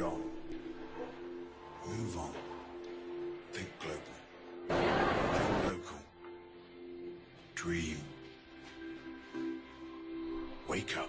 Hold on. Move on. Think global. Think local. Dream. Wake up.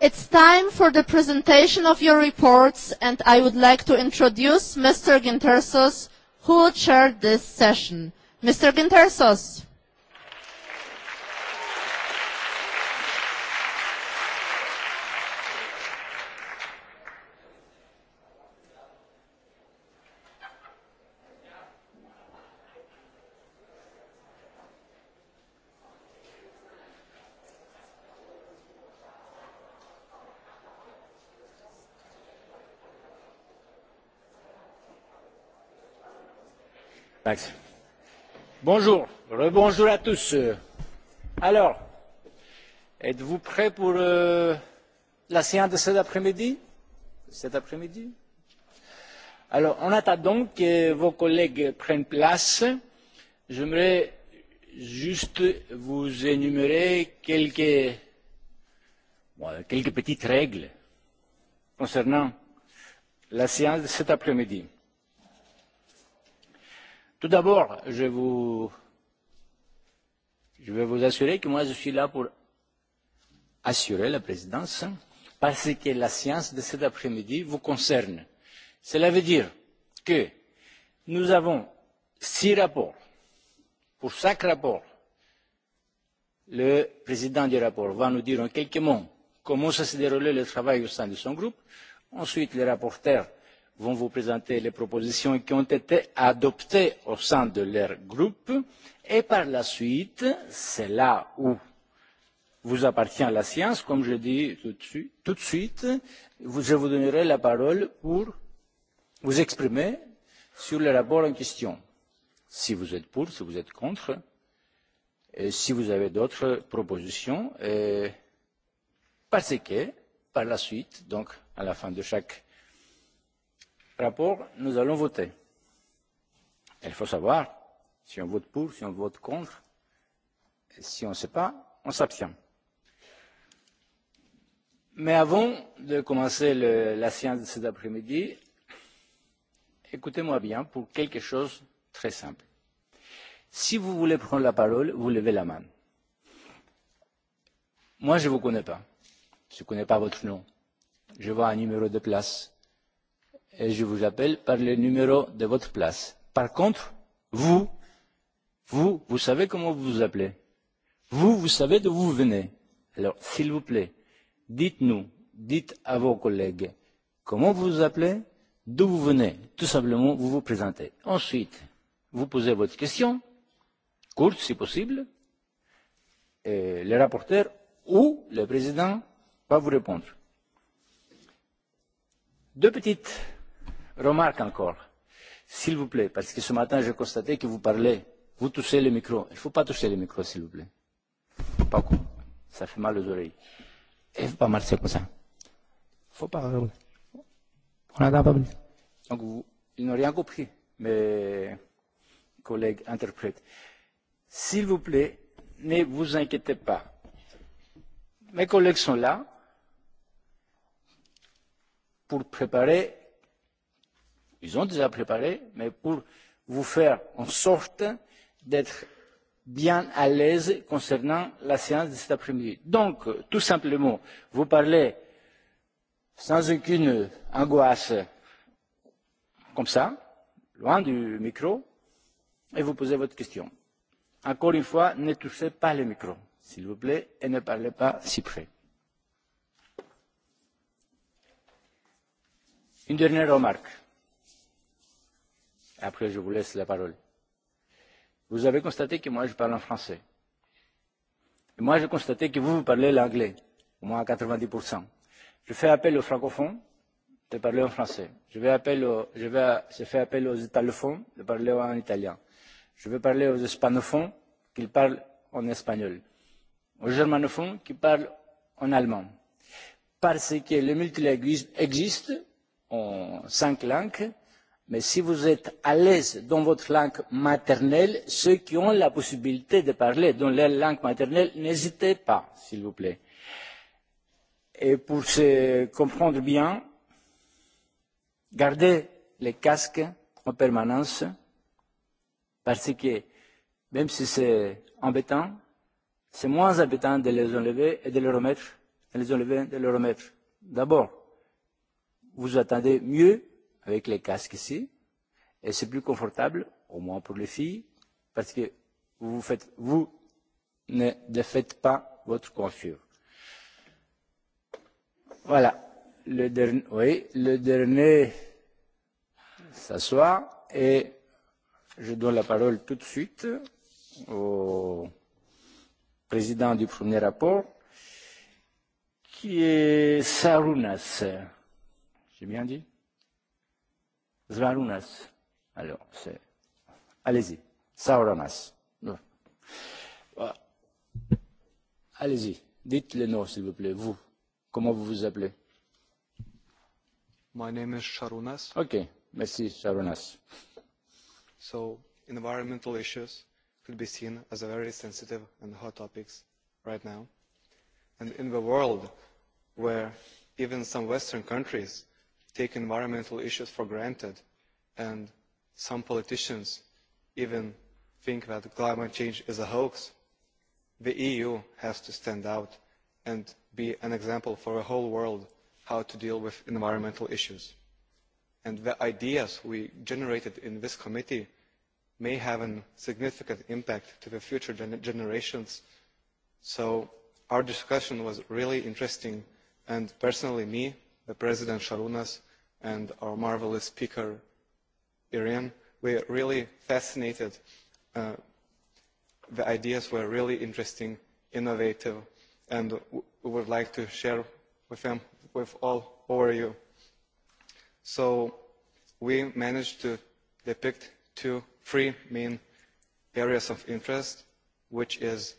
It's time for the presentation of your reports, and I would like to introduce Mr. Gintersos, who chaired this session. Mr. Gintersos. Max. Bonjour, rebonjour à tous. Euh. Alors, êtes-vous prêts pour euh, la séance de cet après-midi Cet après-midi Alors, en attendant que vos collègues prennent place, j'aimerais juste vous énumérer quelques, bon, quelques petites règles concernant la séance de cet après-midi. Tout d'abord, je, vous... je vais vous assurer que moi, je suis là pour assurer la présidence parce que la séance de cet après-midi vous concerne. Cela veut dire que nous avons six rapports. Pour chaque rapport, le président du rapport va nous dire en quelques mots comment ça s'est déroulé le travail au sein de son groupe. Ensuite, les rapporteurs vont vous présenter les propositions qui ont été adoptées au sein de leur groupe et par la suite, c'est là où vous appartient la science, comme je dis tout de suite, tout de suite vous, je vous donnerai la parole pour vous exprimer sur le rapport en question. Si vous êtes pour, si vous êtes contre, et si vous avez d'autres propositions, et parce que par la suite, donc à la fin de chaque rapport, nous allons voter. Il faut savoir si on vote pour, si on vote contre. Et si on ne sait pas, on s'abstient. Mais avant de commencer le, la séance de cet après-midi, écoutez-moi bien pour quelque chose de très simple. Si vous voulez prendre la parole, vous levez la main. Moi, je ne vous connais pas. Je ne connais pas votre nom. Je vois un numéro de place et je vous appelle par le numéro de votre place. Par contre, vous, vous, vous savez comment vous vous appelez. Vous, vous savez d'où vous venez. Alors, s'il vous plaît, dites-nous, dites à vos collègues comment vous vous appelez, d'où vous venez. Tout simplement, vous vous présentez. Ensuite, vous posez votre question, courte si possible, et le rapporteur ou le président va vous répondre. Deux petites Remarque encore, s'il vous plaît, parce que ce matin j'ai constaté que vous parlez, vous touchez le micro. Il ne faut pas toucher le micro, s'il vous plaît. Pas con. Ça fait mal aux oreilles. Et faut pas marcher comme ça. Faut pas. On n'entend pas bien. Donc vous, ils n'ont rien compris, mes collègues interprètes. S'il vous plaît, ne vous inquiétez pas. Mes collègues sont là pour préparer Ils ont déjà préparé, mais pour vous faire en sorte d'être bien à l'aise concernant la séance de cet après-midi. Donc, tout simplement, vous parlez sans aucune angoisse, comme ça, loin du micro, et vous posez votre question. Encore une fois, ne touchez pas le micro, s'il vous plaît, et ne parlez pas si près. Une dernière remarque Après, je vous laisse la parole. Vous avez constaté que moi, je parle en français. Et moi, j'ai constaté que vous, vous parlez l'anglais, au moins à 90%. Je fais appel aux francophones de parler en français. Je, vais appel au, je, vais, je fais appel aux italophones de parler en italien. Je vais parler aux hispanophones qui parlent en espagnol. Aux germanophones qui parlent en allemand. Parce que le multilinguisme existe en cinq langues mais si vous êtes à l'aise dans votre langue maternelle ceux qui ont la possibilité de parler dans leur langue maternelle n'hésitez pas s'il vous plaît. et pour se comprendre bien gardez les casques en permanence parce que même si c'est embêtant c'est moins embêtant de les enlever et de les remettre de les enlever et de les remettre. d'abord vous attendez mieux avec les casques ici. Et c'est plus confortable, au moins pour les filles, parce que vous, faites, vous ne défaites pas votre coiffure. Voilà. Le dernier, oui, le dernier s'assoit et je donne la parole tout de suite au président du premier rapport, qui est Sarunas. J'ai bien dit Zarunas. Alors, c'est... Allez-y. Sauronas. Nu. Allez-y. Dites le nom, s'il vous plaît. Vous, comment vous vous appelez My name is Sharunas. Okay. Merci, Sharunas. So, environmental issues could be seen as a very sensitive and hot topics right now. And in the world where even some Western countries – take environmental issues for granted and some politicians even think that climate change is a hoax, the EU has to stand out and be an example for the whole world how to deal with environmental issues. And the ideas we generated in this committee may have a significant impact to the future gen generations. So our discussion was really interesting and personally me, the President Sharunas, and our marvelous speaker, Irian. We're really fascinated. Uh, the ideas were really interesting, innovative, and we would like to share with them, with all over you. So we managed to depict two, three main areas of interest, which is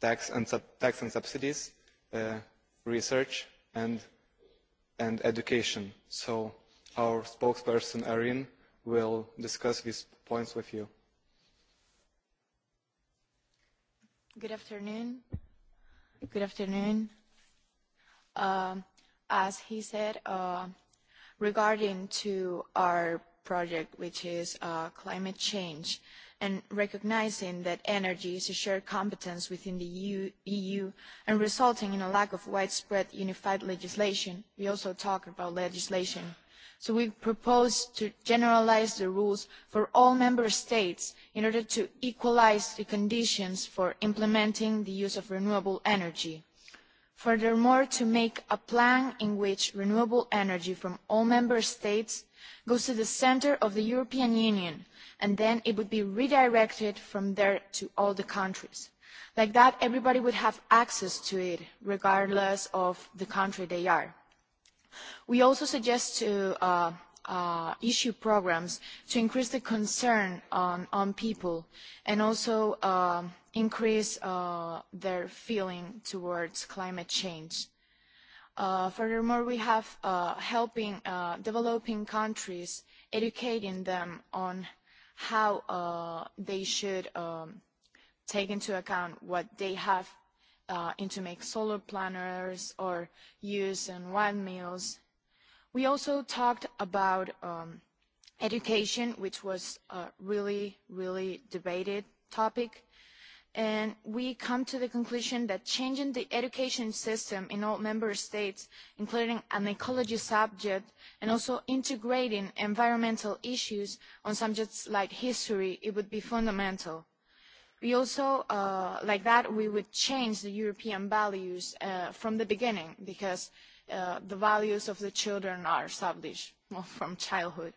tax and, sub tax and subsidies, uh, research, and and education. So our spokesperson, Erin, will discuss these points with you. Good afternoon. Good afternoon. Uh, as he said, uh, regarding to our project, which is uh, climate change, uh, and recognizing that energy is a shared competence within the EU, EU and resulting in a lack of widespread unified legislation. We also talk about legislation. So we propose to generalize the rules for all member states in order to equalize the conditions for implementing the use of renewable energy. Furthermore, to make a plan in which renewable energy from all member states goes to the center of the European Union, and then it would be redirected from there to all the countries. Like that, everybody would have access to it, regardless of the country they are. We also suggest to uh, uh, issue programs to increase the concern on, on people and also uh, increase uh, their feeling towards climate change. Uh, furthermore, we have uh, helping uh, developing countries, educating them on how uh, they should um, take into account what they have uh, into make solar planners or use in windmills. We also talked about um, education, which was a really, really debated topic and we come to the conclusion that changing the education system in all member states, including an ecology subject, and also integrating environmental issues on subjects like history, it would be fundamental. We also, uh, like that, we would change the European values uh, from the beginning because uh, the values of the children are established well, from childhood.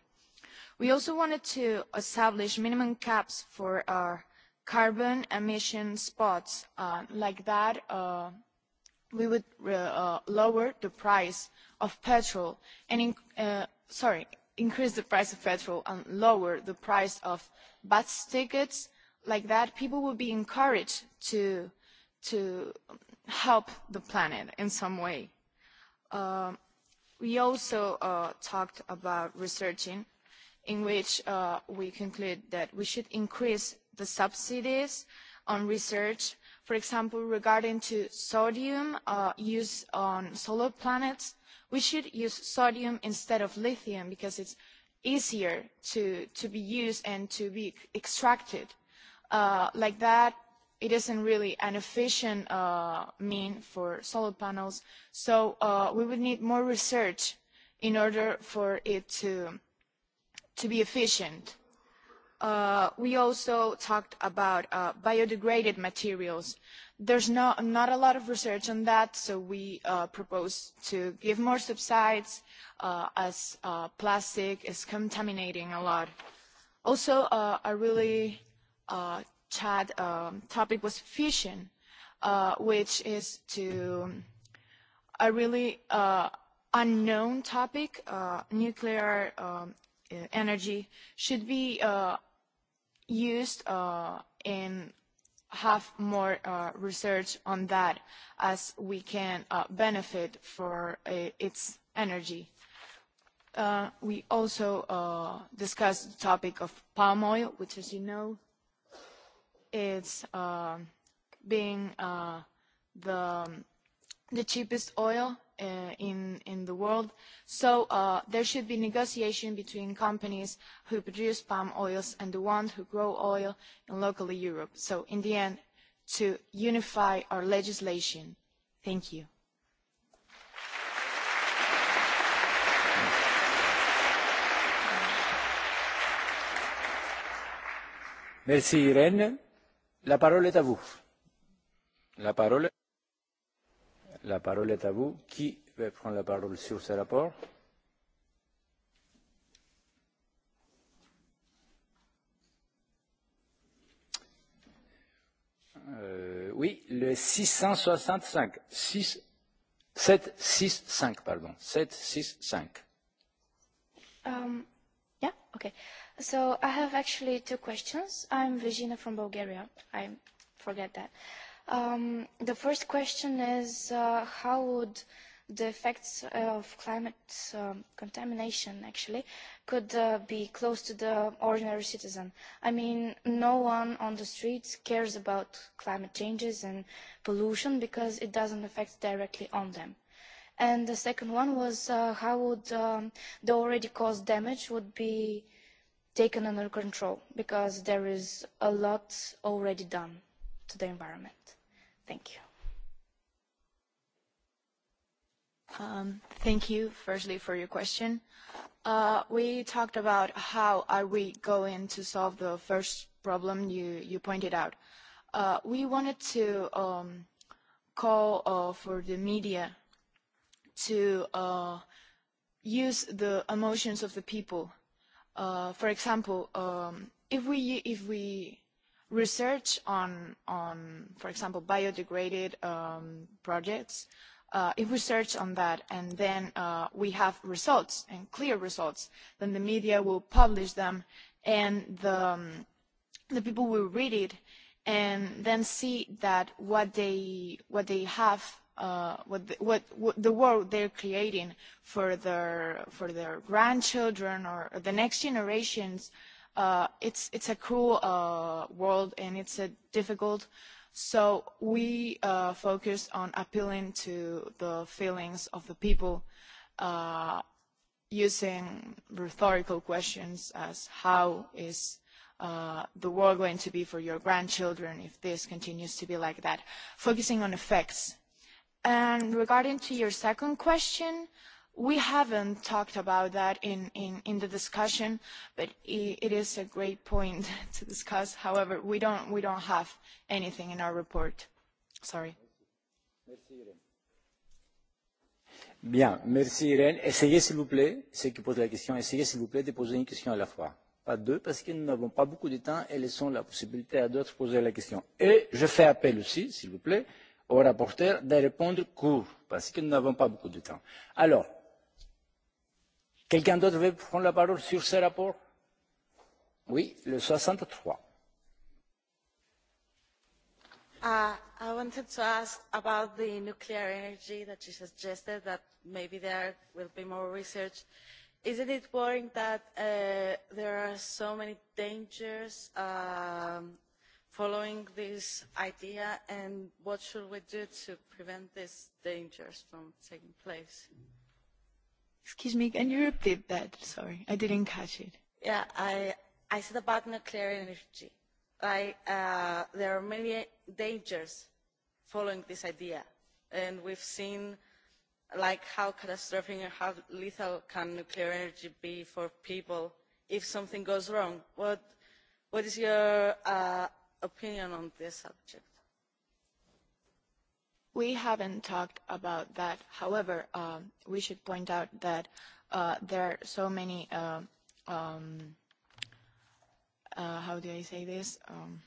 We also wanted to establish minimum caps for our carbon emission spots. Uh, like that, uh, we would uh, uh lower the price of petrol and, in, uh, sorry, increase the price of petrol and lower the price of bus tickets. Like that, people would be encouraged to, to help the planet in some way. Uh, we also uh, talked about researching in which uh, we conclude that we should increase the subsidies on research, for example, regarding to sodium uh, use on solar planets, we should use sodium instead of lithium because it's easier to, to be used and to be extracted. Uh, like that, it isn't really an efficient uh, mean for solar panels, so uh, we would need more research in order for it to, to be efficient Uh, we also talked about uh, biodegraded materials. There's no, not a lot of research on that, so we uh, propose to give more subsides uh, as uh, plastic is contaminating a lot. Also, uh, a really uh, chat um, topic was fission, uh, which is to a really uh, unknown topic, uh, nuclear um, e-, energy should be uh, used uh, and have more uh, research on that as we can uh, benefit for uh, its energy. Uh, we also uh, discussed the topic of palm oil, which, as you know, it's uh, being uh, the, the cheapest oil uh, in, in the world. So uh, there should be negotiation between companies who produce palm oils and the ones who grow oil in locally Europe. So in the end, to unify our legislation. Thank you. Merci Irène. La parole est à vous. La parole La parole est à vous. Qui veut prendre la parole sur ce rapport euh, Oui, le 665. 6, 7, 6, 5, pardon. 7, 6, 5. Um, yeah, okay. So I have actually two questions. I'm Virginia from Bulgaria. I forget that. Uh, Um, the first question is uh, how would the effects of climate um, contamination actually could uh, be close to the ordinary citizen. I mean, no one on the streets cares about climate changes and pollution because it doesn't affect directly on them. And the second one was uh, how would um, the already caused damage would be taken under control because there is a lot already done to the environment. Thank you. Um, thank you, firstly, for your question. Uh, we talked about how are we going to solve the first problem you, you pointed out. Uh, we wanted to um, call uh, for the media to uh, use the emotions of the people. Uh, for example, um, if we if we research on, on for example, biodegraded um, projects, uh, if we search on that and then uh, we have results and clear results, then the media will publish them and the, um, the people will read it and then see that what they, what they have uh, what, the, what, what the world they're creating for their, for their grandchildren or, or the next generations uh, uh, it's it's a cruel uh, world and it's a difficult. So we uh, focus on appealing to the feelings of the people uh, using rhetorical questions as how is uh, the world going to be for your grandchildren if this continues to be like that, focusing on effects. And regarding to your second question, uh, We haven't talked about that in, in, in the discussion, but it, it is a great point to discuss. However, we don't, we don't have anything in our report. Sorry. Merci, Irene. Bien, merci Irène. Essayez s'il vous plaît, ceux qui posent la question, essayez s'il vous plaît de poser une question à la fois. Pas deux, parce que nous n'avons pas beaucoup de temps et laissons la possibilité à d'autres de poser la question. Et je fais appel aussi, s'il vous plaît, au rapporteur de répondre court, parce que nous n'avons pas beaucoup de temps. Alors, Quelqu'un d'autre veut prendre la parole sur ce rapport Oui, le 63. Uh, I wanted to ask about the nuclear energy that you suggested that maybe there will be more research. Isn't it worrying that uh, there are so many dangers um, following this idea and what should we do to prevent these dangers from taking place? Mm -hmm. Excuse me, can you repeat that? Sorry, I didn't catch it. Yeah, I, I said about nuclear energy. I, uh, there are many dangers following this idea, and we've seen like how catastrophic and how lethal can nuclear energy be for people if something goes wrong. What, what is your uh, opinion on this subject? We haven't talked about that. However, um, we should point out that uh, there are so many, uh, um, uh, how do I say this? Um,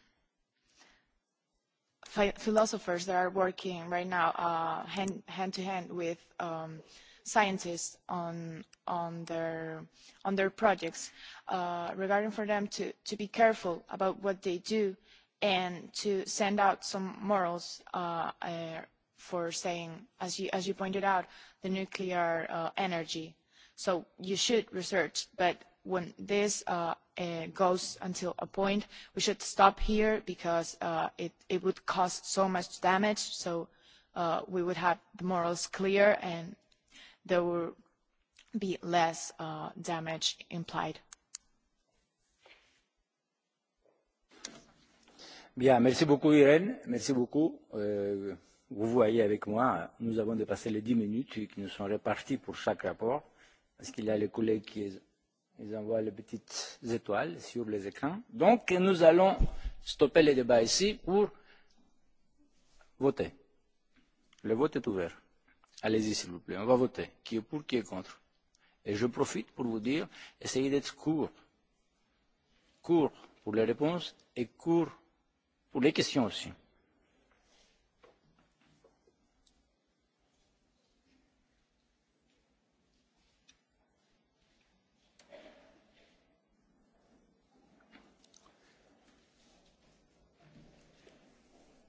ph philosophers that are working right now uh, hand, hand to hand with um, scientists on on their on their projects uh, regarding for them to to be careful about what they do and to send out some morals uh, uh, for saying, as you, as you pointed out, the nuclear uh, energy. So you should research, but when this uh, uh, goes until a point, we should stop here because uh, it, it would cause so much damage. So uh, we would have the morals clear and there will be less uh, damage implied. Bien, merci beaucoup Irène, merci beaucoup. Euh, vous voyez avec moi, nous avons dépassé les 10 minutes qui nous sont réparties pour chaque rapport, parce qu'il y a les collègues qui ils envoient les petites étoiles sur les écrans. Donc, nous allons stopper le débat ici pour voter. Le vote est ouvert. Allez-y, s'il vous plaît. On va voter. Qui est pour, qui est contre. Et je profite pour vous dire, essayez d'être court. Court pour les réponses et court pour les questions aussi.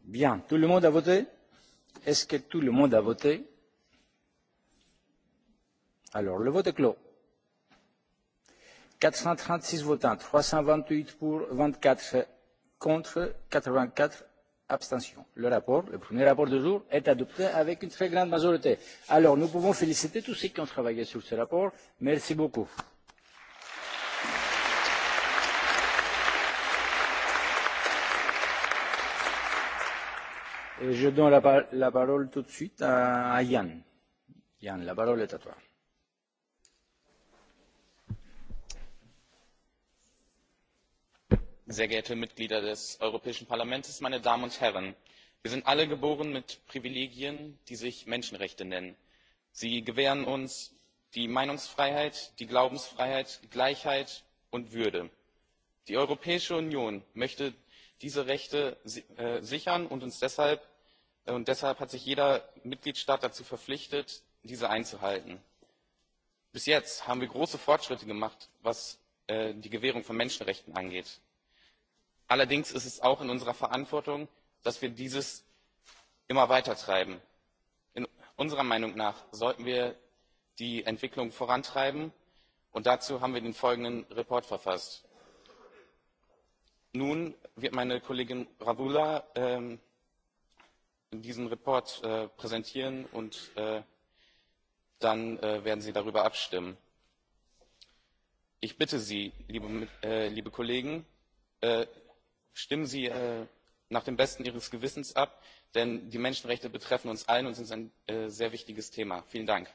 Bien, tout le monde a voté Est-ce que tout le monde a voté Alors, le vote est clos. 436 votants, 328 pour, 24 contre, 84 abstentions. Le rapport, le premier rapport du jour, est adopté avec une très grande majorité. Alors, nous pouvons féliciter tous ceux qui ont travaillé sur ce rapport. Merci beaucoup. Et euh, je donne la, par la parole tout de suite à, à Yann. Yann, la parole est à toi. Sehr geehrte Mitglieder des Europäischen Parlaments, meine Damen und Herren! Wir sind alle geboren mit Privilegien, die sich Menschenrechte nennen. Sie gewähren uns die Meinungsfreiheit, die Glaubensfreiheit, Gleichheit und Würde. Die Europäische Union möchte diese Rechte äh, sichern und uns deshalb Und deshalb hat sich jeder Mitgliedstaat dazu verpflichtet, diese einzuhalten. Bis jetzt haben wir große Fortschritte gemacht, was äh, die Gewährung von Menschenrechten angeht. Allerdings ist es auch in unserer Verantwortung, dass wir dieses immer weiter treiben. In unserer Meinung nach sollten wir die Entwicklung vorantreiben und dazu haben wir den folgenden Report verfasst. Nun wird meine Kollegin Rabula ähm, diesen Report äh, präsentieren und äh, dann äh, werden Sie darüber abstimmen. Ich bitte Sie, liebe, äh, liebe Kollegen, äh, stimmen Sie äh, nach dem Besten Ihres Gewissens ab, denn die Menschenrechte betreffen uns allen und sind ein äh, sehr wichtiges Thema. Vielen Dank.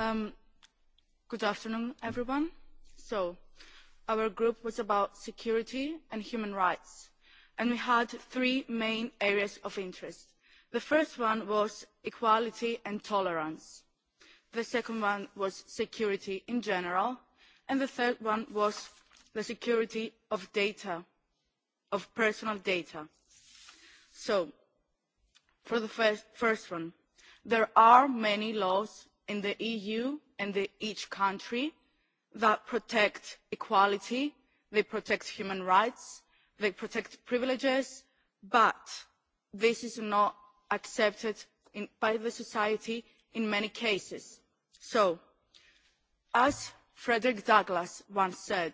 Um, good afternoon, everyone. So, our group was about security and human rights, and we had three main areas of interest. The first one was equality and tolerance. The second one was security in general, and the third one was the security of data, of personal data. So, for the first, first one, there are many laws in the EU and the, each country that protect equality, they protect human rights, they protect privileges, but this is not accepted in, by the society in many cases. So, as Frederick Douglass once said,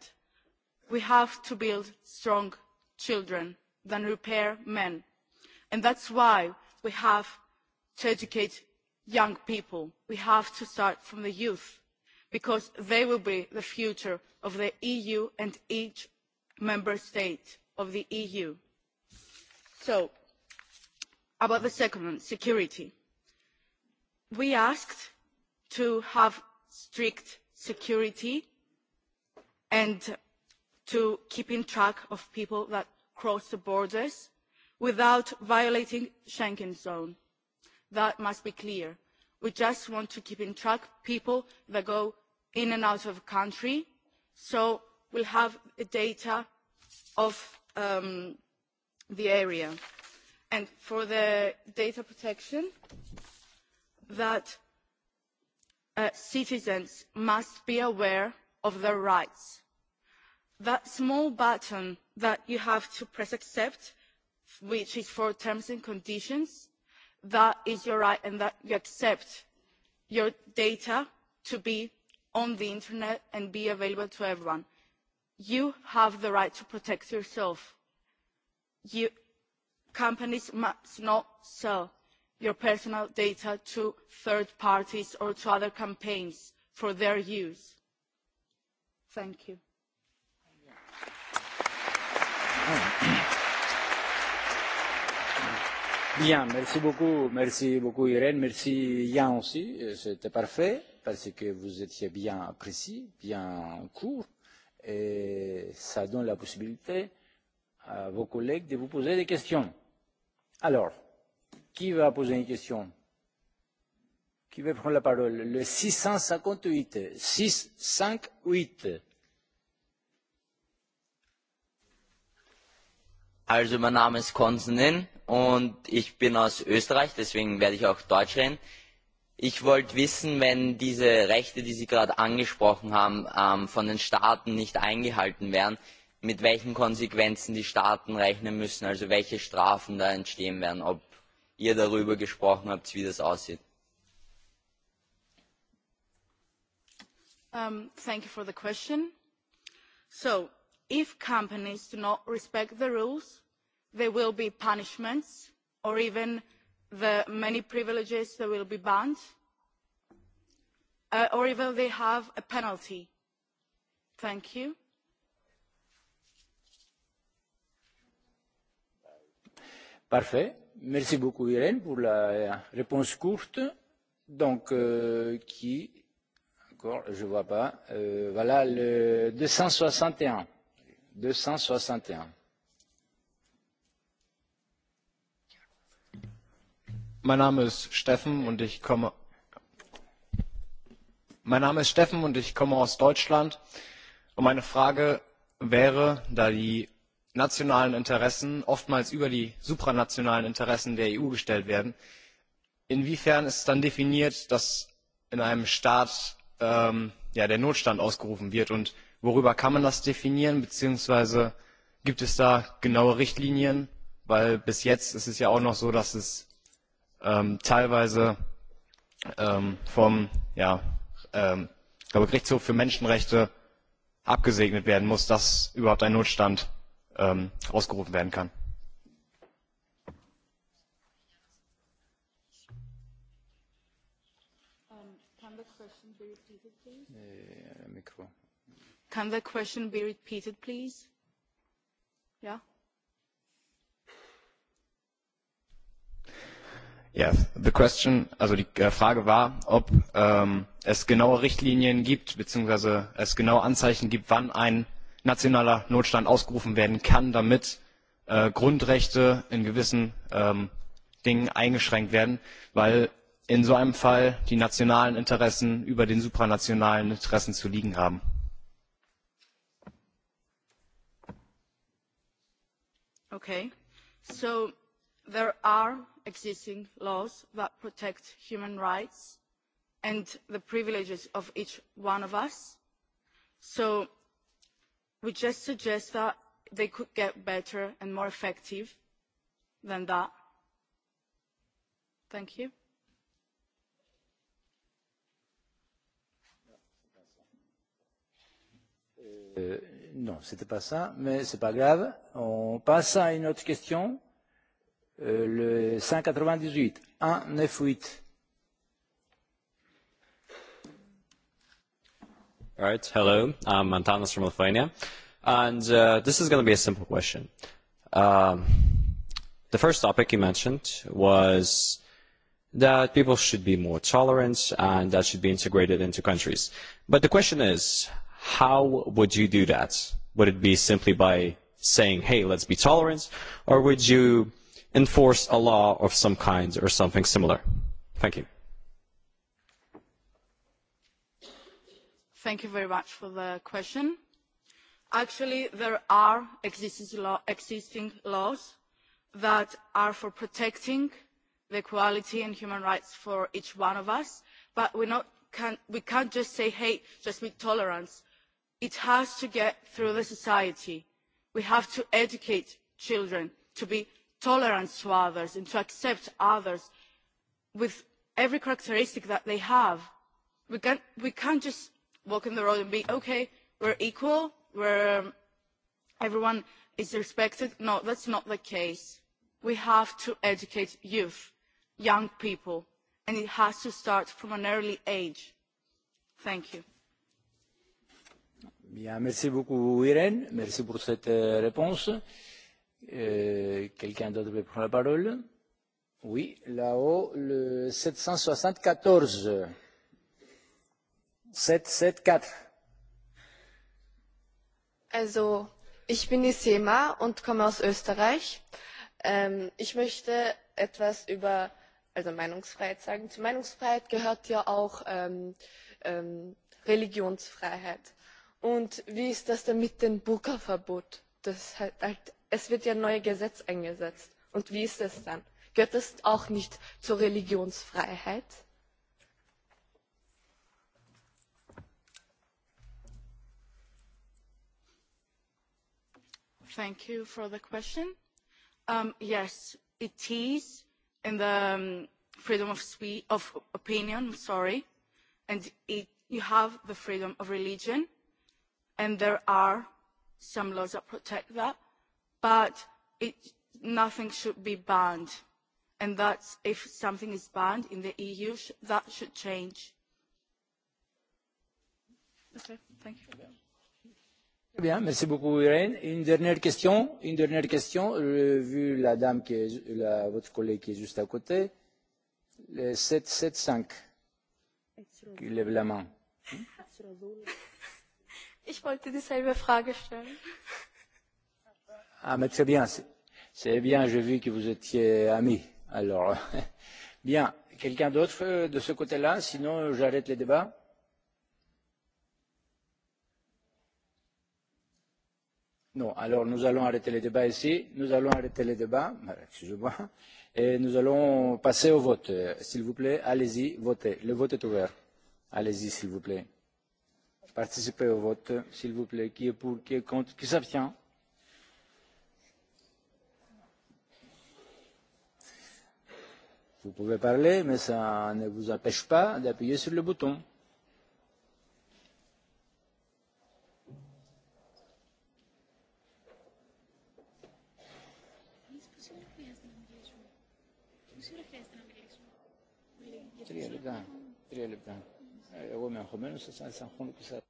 we have to build strong children than repair men. And that's why we have to educate young people. We have to start from the youth because they will be the future of the EU and each member state of the EU. So, about the second one, security. We asked to have strict security and to keep in track of people that cross the borders without violating Schengen zone that must be clear. We just want to keep in track people that go in and out of the country, so we'll have data of um, the area. And for the data protection, that uh, citizens must be aware of their rights. That small button that you have to press accept, which is for terms and conditions, that is your right and that you accept your data to be on the internet and be available to everyone. You have the right to protect yourself. You, companies must not sell your personal data to third parties or to other campaigns for their use. Thank you. Yeah. Bien, merci beaucoup, merci beaucoup Irène, merci Yann aussi, euh, c'était parfait parce que vous étiez bien précis, bien court et ça donne la possibilité à vos collègues de vous poser des questions. Alors, qui va poser une question Qui veut prendre la parole Le 658. 658. Also, mein Name ist Konstantin und ich bin aus Österreich, deswegen werde ich auch Deutsch reden. Ich wollte wissen, wenn diese Rechte, die Sie gerade angesprochen haben, ähm, von den Staaten nicht eingehalten werden, mit welchen Konsequenzen die Staaten rechnen müssen, also welche Strafen da entstehen werden, ob ihr darüber gesprochen habt, wie das aussieht. Um, thank you for the question. So, if companies do not respect the rules, there will be punishments or even the many privileges that will be banned uh, or even they have a penalty. Thank you. Parfait. Merci beaucoup Irène pour la réponse courte. Donc, euh, qui Encore, je ne vois pas. Euh, voilà le 261. 261. Mein Name ist Steffen und ich komme. Mein Name ist Steffen und ich komme aus Deutschland. Und meine Frage wäre, da die nationalen Interessen oftmals über die supranationalen Interessen der EU gestellt werden, inwiefern ist dann definiert, dass in einem Staat ähm, ja, der Notstand ausgerufen wird und worüber kann man das definieren, beziehungsweise gibt es da genaue Richtlinien? Weil bis jetzt ist es ja auch noch so, dass es ähm, teilweise ähm, vom ja, ähm, ich glaube, Gerichtshof für Menschenrechte abgesegnet werden muss, dass überhaupt ein Notstand ähm, ausgerufen werden kann. Um, can the question be repeated, please? Yeah. Yeah, the question, also die äh, Frage war, ob ähm, es genaue Richtlinien gibt, beziehungsweise es genaue Anzeichen gibt, wann ein nationaler Notstand ausgerufen werden kann, damit äh, Grundrechte in gewissen ähm, Dingen eingeschränkt werden, weil in so einem Fall die nationalen Interessen über den supranationalen Interessen zu liegen haben. Okay, so there are existing laws that protect human rights and the privileges of each one of us. So we just suggest that they could get better and more effective than that. Thank you. Euh, non, ce n'était pas ça, mais ce n'est pas grave. On passe à une autre question euh, le 198, 198. All right, hello, I'm Antanas from Lithuania, and uh, this is going to be a simple question. Um, the first topic you mentioned was that people should be more tolerant and that should be integrated into countries. But the question is, how would you do that? Would it be simply by saying, hey, let's be tolerant, or would you enforce a law of some kind or something similar? Thank you. Thank you very much for the question. Actually, there are existing, law, existing laws that are for protecting the equality and human rights for each one of us, but we're not, can, we can't just say, hey, just be tolerance. It has to get through the society. We have to educate children to be tolerance to others and to accept others with every characteristic that they have. We can't, we can't just walk in the road and be, okay, we're equal, we're, um, everyone is respected. No, that's not the case. We have to educate youth, young people, and it has to start from an early age. Thank you. Bien, merci beaucoup, Irène. Merci pour cette euh, réponse. Euh, Euh, Quelqu'un d'autre veut prendre la parole Oui, là-haut, le 774. 774. Also, ich bin die Sema und komme aus Österreich. Ähm, ich möchte etwas über also Meinungsfreiheit sagen. Zu Meinungsfreiheit gehört ja auch ähm, ähm, Religionsfreiheit. Und wie ist das denn mit dem Burka-Verbot, das halt es wird ja ein neues Gesetz eingesetzt. Und wie ist es dann? Gehört das auch nicht zur Religionsfreiheit? Thank you for the question. Um, yes, it is in the um, freedom of, spe- of opinion, sorry, and it, you have the freedom of religion, and there are some laws that protect that but it, nothing should be banned. And that's if something is banned in the EU, sh that should change. Okay, thank you. Très bien, merci beaucoup Irène. Une dernière question, une dernière question. Euh, vu la dame qui est, la, votre collègue qui est juste à côté, le 775 qui lève la main. Ich wollte dieselbe Frage stellen. Ah, mais c'est bien. C'est bien, j'ai vu que vous étiez amis. Alors, bien. Quelqu'un d'autre euh, de ce côté-là Sinon, j'arrête les débats. Non, alors nous allons arrêter les débats ici. Nous allons arrêter les débats. Excusez-moi. Et nous allons passer au vote. S'il vous plaît, allez-y, votez. Le vote est ouvert. Allez-y, s'il vous plaît. Participez au vote, s'il vous plaît. Qui est pour, qui est contre, qui s'abstient Vous pouvez parler, mais ça ne vous empêche pas d'appuyer sur le bouton. Три лепта. Три лепта. Εγώ είμαι αγχωμένος, σας αν σαν χώνω και σας.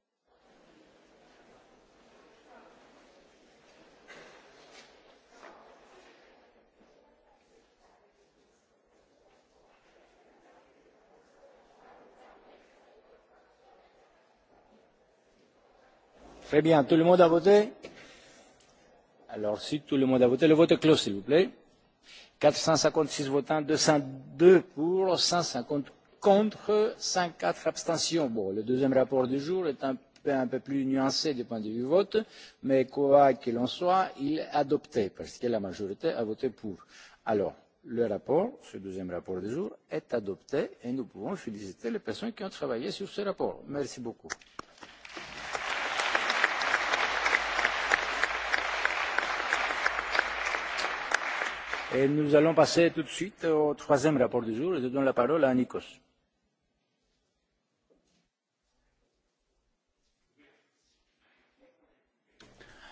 Très bien. Tout le monde a voté Alors, si tout le monde a voté, le vote est clos, s'il vous plaît. 456 votants, 202 pour, 150 contre, 54 abstentions. Bon, le deuxième rapport du jour est un peu, un peu plus nuancé du point de vue vote, mais quoi qu'il en soit, il est adopté parce que la majorité a voté pour. Alors, le rapport, ce deuxième rapport du jour, est adopté et nous pouvons féliciter les personnes qui ont travaillé sur ce rapport. Merci beaucoup. Et nous allons passer tout de suite au troisième rapport du jour et je donne la parole à Nikos.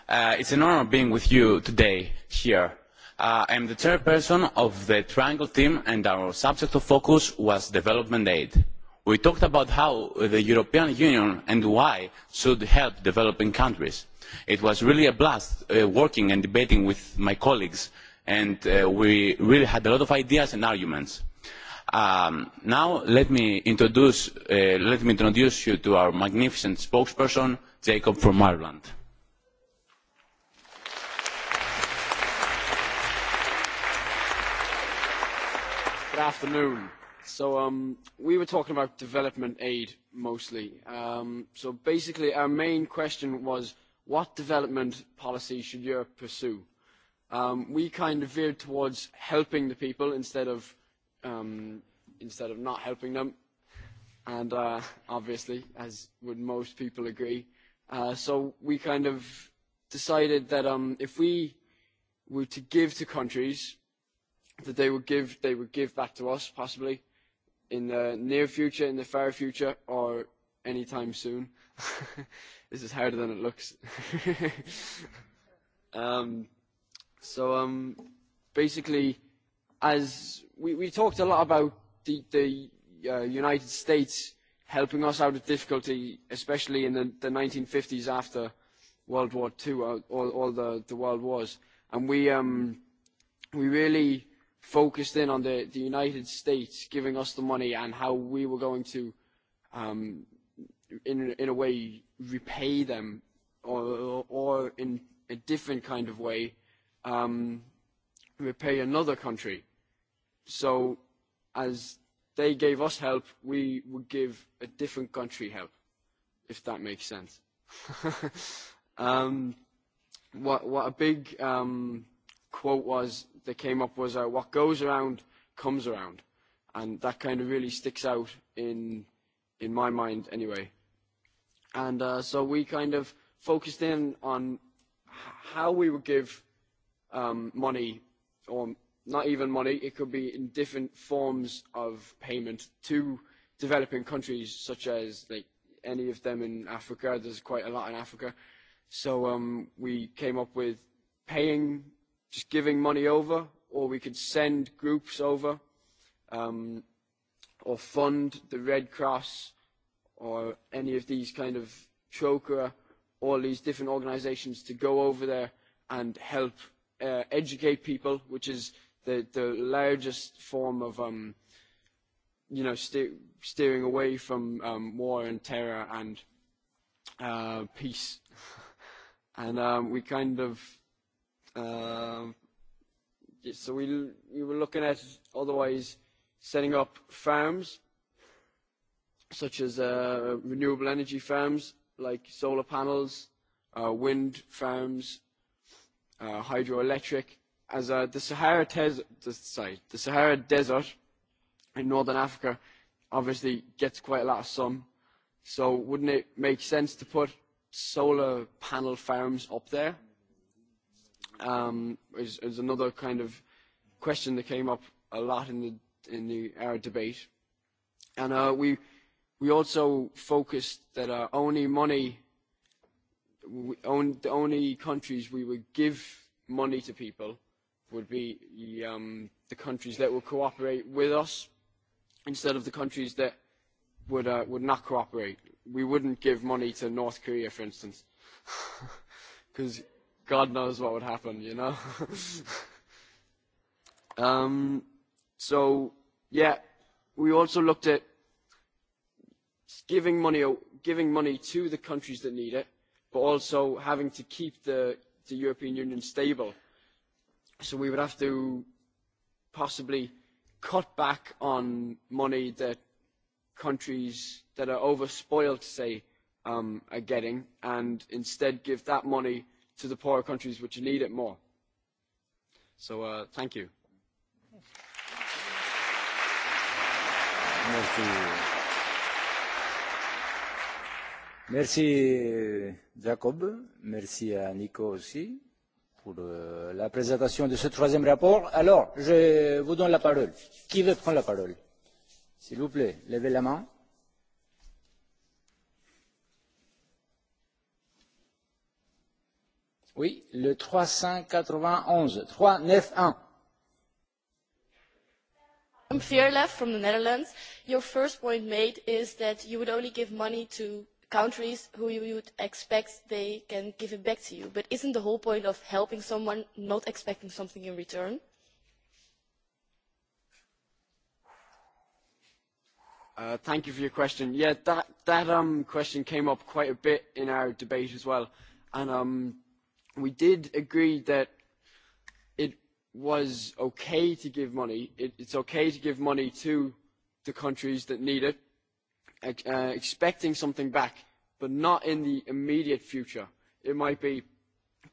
Uh, it's an honor being with you today here. Uh, I am the chairperson of the Triangle team and our subject of focus was development aid. We talked about how the European Union and why should help developing countries. It was really a blast uh, working and debating with my colleagues uh, and uh, we really had a lot of ideas and arguments. Um, now let me, introduce, uh, let me introduce you to our magnificent spokesperson, Jacob from Ireland. Good afternoon. So um, we were talking about development aid mostly. Um, so basically our main question was what development policy should Europe pursue? um, we kind of veered towards helping the people instead of um, instead of not helping them, and uh, obviously, as would most people agree, uh, so we kind of decided that um, if we were to give to countries, that they would give they would give back to us possibly in the near future, in the far future, or anytime soon. this is harder than it looks. um, So um, basically, as we, we talked a lot about the, the uh, United States helping us out of difficulty, especially in the, the 1950s after World War II, uh, all, all the, the world wars. And we, um, we really focused in on the, the United States giving us the money and how we were going to, um, in, in a way, repay them or, or in a different kind of way um, repay another country. So as they gave us help, we would give a different country help, if that makes sense. um, what, what a big um, quote was that came up was, uh, what goes around comes around. And that kind of really sticks out in, in my mind anyway. And uh, so we kind of focused in on how we would give – um, money or not even money, it could be in different forms of payment to developing countries such as like any of them in Africa. There's quite a lot in Africa. So um, we came up with paying, just giving money over, or we could send groups over, um, or fund the Red Cross, or any of these kind of troker, all these different organizations to go over there and help uh, educate people, which is the, the largest form of, um, you know, steer, steering away from um, war and terror and uh, peace. and um, we kind of, uh, so we, we were looking at otherwise setting up farms, such as uh, renewable energy farms like solar panels, uh, wind farms, uh, hydroelectric, as uh, the Sahara tes- sorry, the Sahara Desert in northern Africa obviously gets quite a lot of sun. So wouldn't it make sense to put solar panel farms up there? Um, is, is another kind of question that came up a lot in the in the our debate, and uh, we we also focused that uh, only money on, the only countries we would give money to people would be um, the countries that would cooperate with us instead of the countries that would, uh, would not cooperate. We wouldn't give money to North Korea, for instance, because God knows what would happen, you know? um, so, yeah, we also looked at giving money, giving money to the countries that need it but also having to keep the, the European Union stable. So we would have to possibly cut back on money that countries that are overspoiled, say, um, are getting, and instead give that money to the poorer countries which need it more. So uh, thank you. Merci. Merci Jacob, merci à Nico aussi pour euh, la présentation de ce troisième rapport. Alors, je vous donne la parole. Qui veut prendre la parole S'il vous plaît, levez la main. Oui, le 391, 391. I'm Veerle from the Netherlands. Your first point made is that you would only give money to countries who you would expect they can give it back to you. But isn't the whole point of helping someone not expecting something in return? Uh, thank you for your question. Yeah, that, that um, question came up quite a bit in our debate as well. And um, we did agree that it was okay to give money. It, it's okay to give money to the countries that need it uh, expecting something back, but not in the immediate future. It might be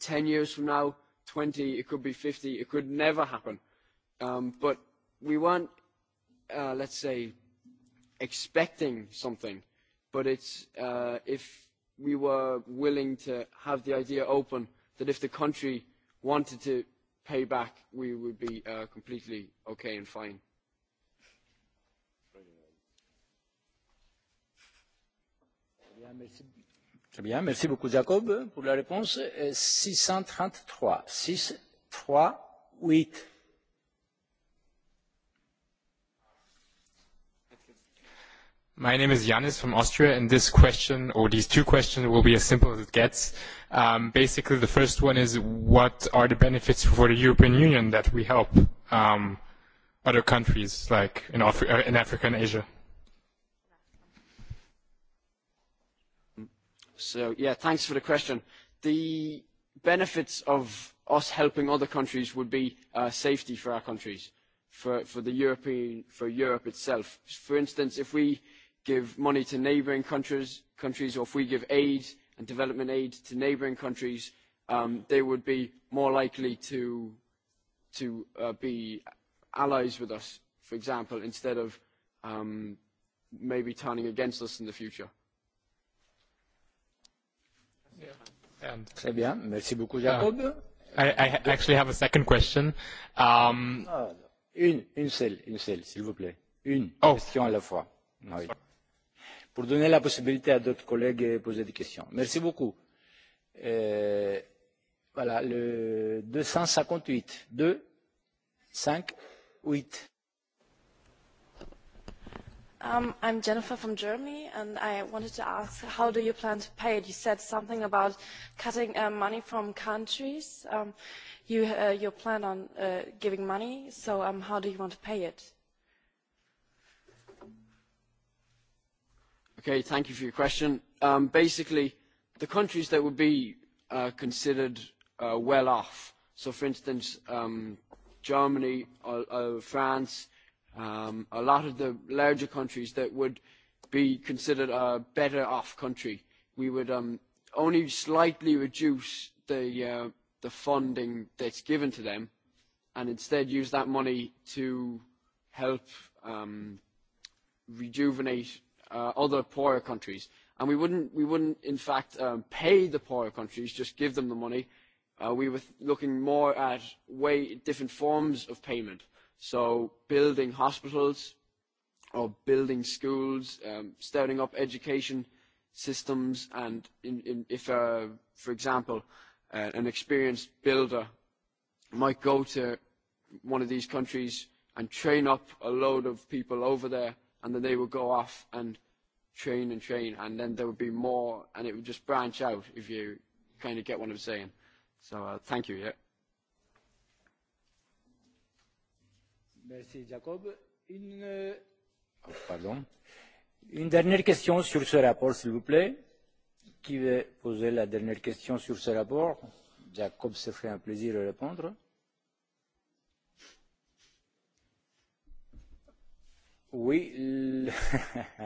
10 years from now, 20, it could be 50, it could never happen. Um, but we weren't, uh, let's say, expecting something, but it's uh, if we were willing to have the idea open that if the country wanted to pay back, we would be uh, completely okay and fine. Bien, merci. Très bien, merci beaucoup Jacob pour la réponse. 633, 6, 3, 8. My name is Yanis from Austria, and this question, or these two questions, will be as simple as it gets. Um, basically, the first one is, what are the benefits for the European Union that we help um, other countries, like in, Af- uh, in Africa and Asia? So yeah, thanks for the question. The benefits of us helping other countries would be uh, safety for our countries, for, for the European, for Europe itself. For instance, if we give money to neighbouring countries, countries, or if we give aid and development aid to neighbouring countries, um, they would be more likely to to uh, be allies with us, for example, instead of um, maybe turning against us in the future. And Très bien, merci beaucoup, ah. Jacob. Uh, I, I actually have a second question. Um, ah, une, une seule, une seule, s'il vous plaît. Une oh. question à la fois. Ah oui. Pour donner la possibilité à d'autres collègues de poser des questions. Merci beaucoup. Euh, voilà, le 258, 2, 5, 8. Um, I'm Jennifer from Germany, and I wanted to ask, how do you plan to pay it? You said something about cutting uh, money from countries. Um, you uh, you plan on uh, giving money, so um, how do you want to pay it? Okay, thank you for your question. Um, basically, the countries that would be uh, considered uh, well off, so for instance, um, Germany, uh, uh, France, uh, um, a lot of the larger countries that would be considered a better off country. We would um, only slightly reduce the, uh, the funding that's given to them and instead use that money to help um, rejuvenate uh, other poorer countries. And we wouldn't, we wouldn't in fact, um, pay the poorer countries, just give them the money. Uh, we were looking more at way, different forms of payment So building hospitals or building schools, um, starting up education systems, and in, in, if, uh, for example, uh, an experienced builder might go to one of these countries and train up a load of people over there, and then they would go off and train and train, and then there would be more, and it would just branch out if you kind of get what I'm saying. So uh, thank you. Yeah. Merci Jacob. Une, oh, pardon. Une dernière question sur ce rapport, s'il vous plaît. Qui veut poser la dernière question sur ce rapport Jacob se ferait un plaisir de répondre. Oui. L...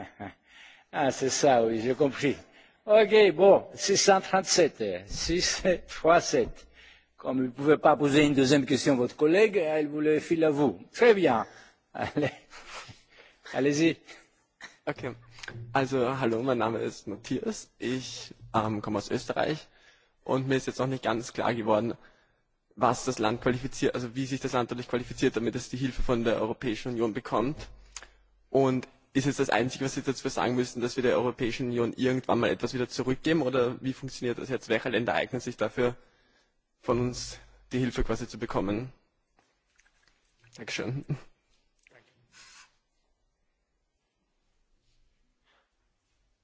ah, c'est ça, oui, j'ai compris. OK, bon, 637, 637. Comme vous ne pouvez pas poser une deuxième question à votre collègue, elle vous le file à vous. Très bien. Allez-y. Allez okay. Also, hallo, mein Name ist Matthias. Ich ähm, komme aus Österreich und mir ist jetzt noch nicht ganz klar geworden, was das Land qualifiziert, also wie sich das Land dadurch qualifiziert, damit es die Hilfe von der Europäischen Union bekommt. Und ist jetzt das Einzige, was Sie dazu sagen müssen, dass wir der Europäischen Union irgendwann mal etwas wieder zurückgeben? Oder wie funktioniert das jetzt? Welche Länder eignen sich dafür, von uns die Hilfe quasi zu bekommen. Dankeschön.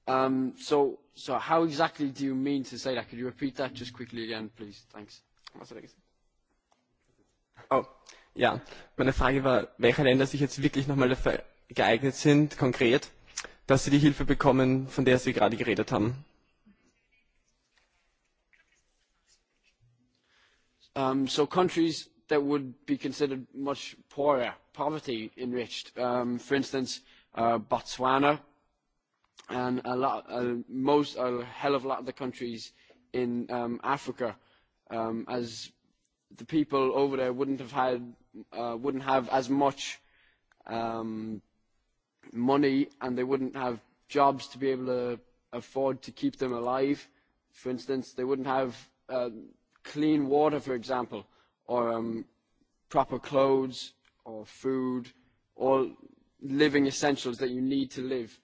Um, so, so how exactly do you mean to say that? Could you repeat that just quickly again, please? Thanks. Was hat er gesagt? Oh, ja. Meine Frage war, welche Länder sich jetzt wirklich nochmal dafür geeignet sind, konkret, dass sie die Hilfe bekommen, von der Sie gerade geredet haben. Um, so countries that would be considered much poorer, poverty enriched, um, for instance, uh, Botswana, and a lot, uh, most, a hell of a lot of the countries in um, Africa, um, as the people over there wouldn't have had, uh, wouldn't have as much um, money, and they wouldn't have jobs to be able to afford to keep them alive. For instance, they wouldn't have uh, clean water, for example, or um, proper clothes or food, all living essentials that you need to live.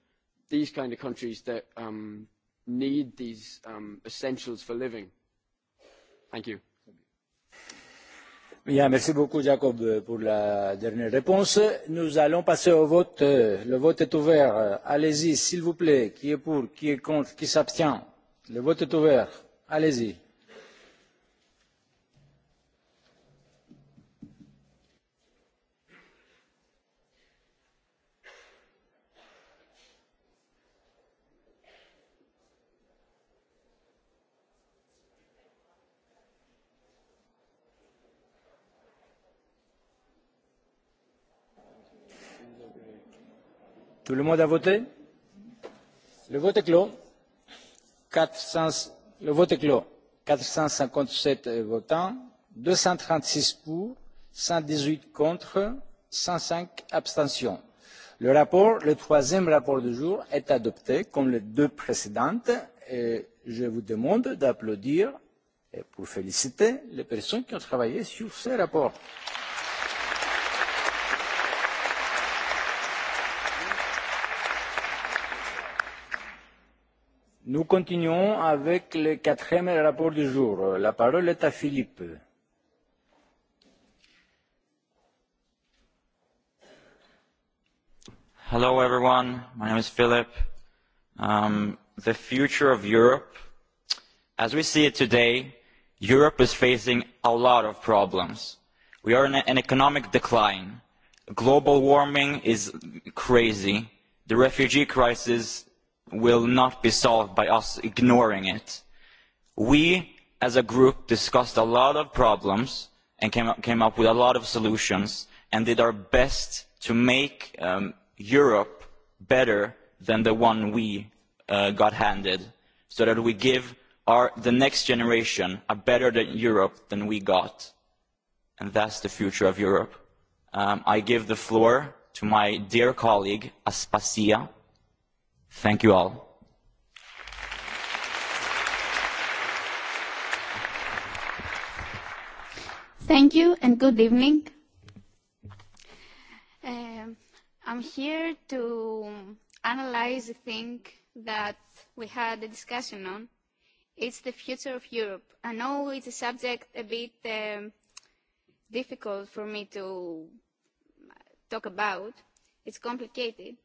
These kind of countries that um, need these um, essentials for living. Thank you. Bien, merci beaucoup, Jacob, pour la dernière réponse. Nous allons passer au vote. Le vote est ouvert. Allez-y, s'il vous plaît. Qui est pour, qui est contre, qui s'abstient Le vote est ouvert. Allez-y. Tout le monde a voté Le vote est clos. 400, le vote est clos. 457 euh, votants, 236 pour, 118 contre, 105 abstentions. Le rapport, le troisième rapport du jour, est adopté comme les deux précédentes et je vous demande d'applaudir et pour féliciter les personnes qui ont travaillé sur ce rapport. Applaudissements Nous continuons avec le quatrième rapport du jour. La parole est à Philippe. Hello everyone, my name is Philip. Um, the future of Europe. As we see it today, Europe is facing a lot of problems. We are in an economic decline. Global warming is crazy. The refugee crisis will not be solved by us ignoring it. We, as a group, discussed a lot of problems and came up, came up with a lot of solutions and did our best to make um, Europe better than the one we uh, got handed so that we give our, the next generation a better than Europe than we got. And that's the future of Europe. Um, I give the floor to my dear colleague, Aspasia Thank you all. Thank you and good evening. Um, I'm here to analyze the thing that we had a discussion on. It's the future of Europe. I know it's a subject a bit um, difficult for me to talk about. It's complicated.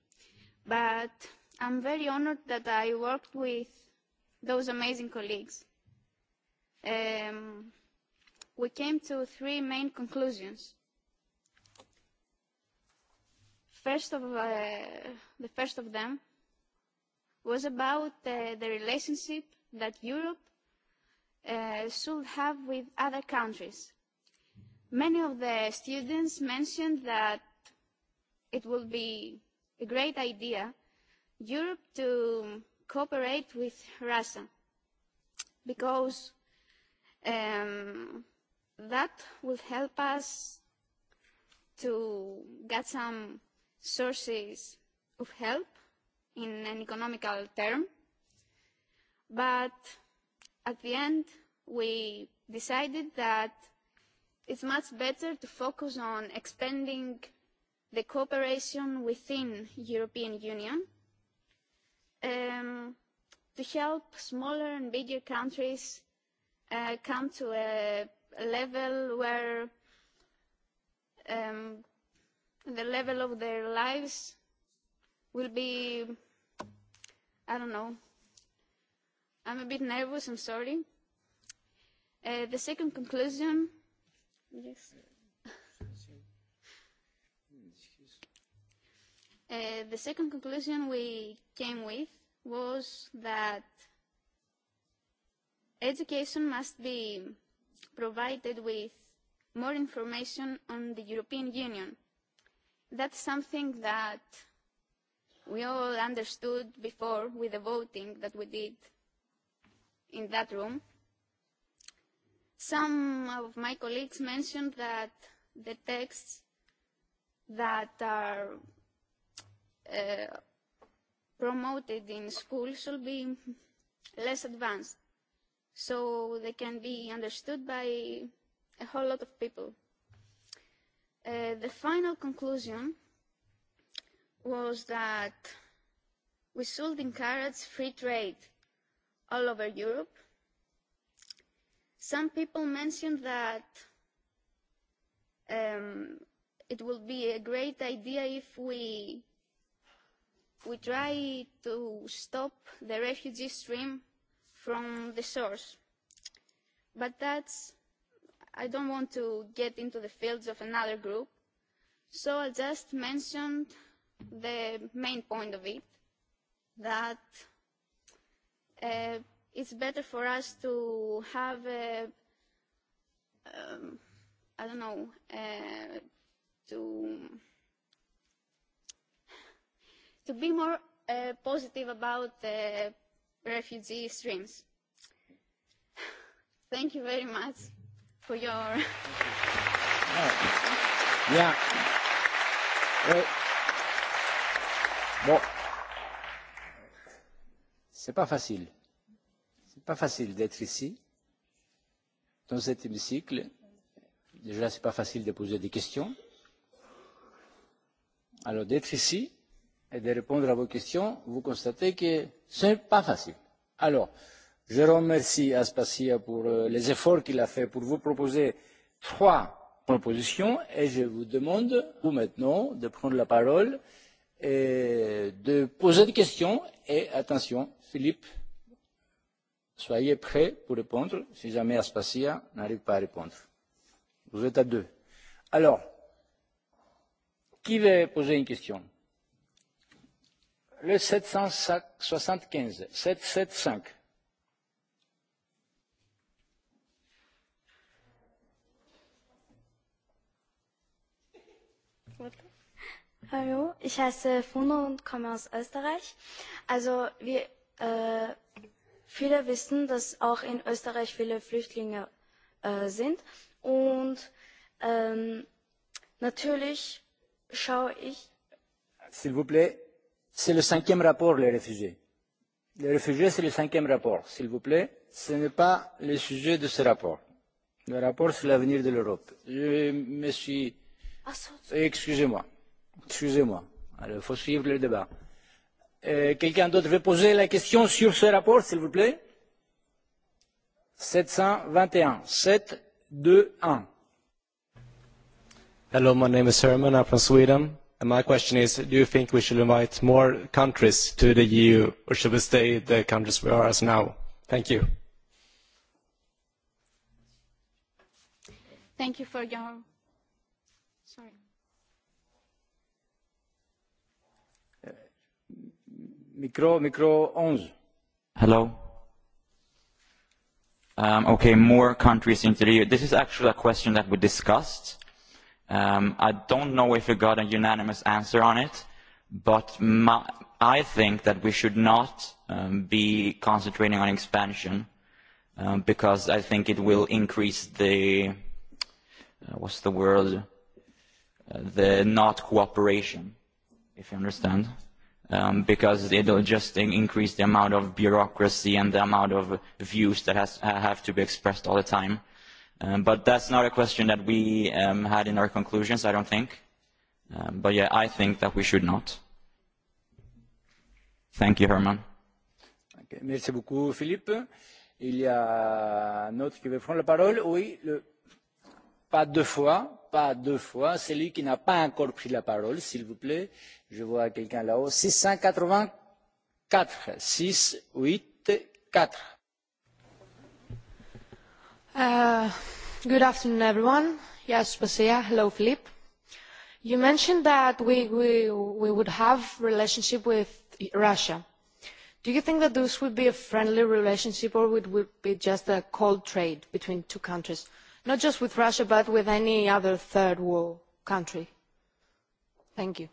But I'm very honored that I worked with those amazing colleagues. Um, we came to three main conclusions. First of, uh, the first of them was about uh, the relationship that Europe uh, should have with other countries. Many of the students mentioned that it would be a great idea Europe to cooperate with Russia because um, that will help us to get some sources of help in an economical term. But at the end, we decided that it's much better to focus on expanding the cooperation within European Union – um, to help smaller and bigger countries uh, come to a, a level where um, the level of their lives will be, I don't know, I'm a bit nervous, I'm sorry. Uh, the second conclusion, yes. Uh, the second conclusion we came with was that education must be provided with more information on the European Union. That's something that we all understood before with the voting that we did in that room. Some of my colleagues mentioned that the texts that are uh, promoted in school should be less advanced so they can be understood by a whole lot of people. Uh, the final conclusion was that we should encourage free trade all over Europe. Some people mentioned that um, it would be a great idea if we we try to stop the refugee stream from the source. But that's, I don't want to get into the fields of another group, so I just mentioned the main point of it, that uh, it's better for us to have a, um, I don't know, uh, to to be more uh, positive about uh, refugee streams. Thank you very much for your. Bien. Oui. Bon. C'est pas facile. C'est pas facile d'être ici, dans cet hémicycle. Déjà, c'est pas facile de poser des questions. Alors, d'être ici, et de répondre à vos questions. Vous constatez que ce n'est pas facile. Alors, je remercie Aspasia pour euh, les efforts qu'il a fait pour vous proposer trois propositions et je vous demande, vous maintenant, de prendre la parole et de poser des questions. Et attention, Philippe, soyez prêt pour répondre si jamais Aspasia n'arrive pas à répondre. Vous êtes à deux. Alors, qui veut poser une question le 775. 775. Hallo, ich heiße Funo und komme aus Österreich. Also wir, äh, viele wissen, dass auch in Österreich viele Flüchtlinge äh, sind. Und ähm, natürlich schaue ich. S'il vous plaît, C'est le cinquième rapport, les réfugiés. Les réfugiés, c'est le cinquième rapport, s'il vous plaît. Ce n'est pas le sujet de ce rapport. Le rapport sur l'avenir de l'Europe. Je me suis... Ah, Excusez-moi. Excusez-moi. Alors, il faut suivre le débat. Euh, Quelqu'un d'autre veut poser la question sur ce rapport, s'il vous plaît 721. 7, 2, 1. Hello, my name is Herman. I'm from Sweden And my question is, do you think we should invite more countries to the EU, or should we stay the countries we are as now? Thank you. Thank you for your... Sorry. Uh, micro, micro 11. Hello. Um, okay, more countries into the EU. This is actually a question that we discussed Um, I don't know if we got a unanimous answer on it, but my, I think that we should not um, be concentrating on expansion um, because I think it will increase the, uh, what's the word, uh, the not cooperation, if you understand, um, because it'll just in- increase the amount of bureaucracy and the amount of views that has, have to be expressed all the time. Uh, Um, but that's not a question that we um, had in our conclusions, I don't think. Um, but yeah, I think that we should not. Thank you, Herman. Okay, merci beaucoup, Philippe. Il y a un autre qui veut prendre la parole. Oui, le... pas deux fois, pas deux fois. Celui qui n'a pas encore pris la parole, s'il vous plaît. Je vois quelqu'un là-haut. 684, 6, 8, 4. Uh, good afternoon, everyone. Yes, Basia. Hello, Philippe. You mentioned that we, we, we would have relationship with Russia. Do you think that this would be a friendly relationship or would, would be just a cold trade between two countries? Not just with Russia, but with any other third world country. Thank you.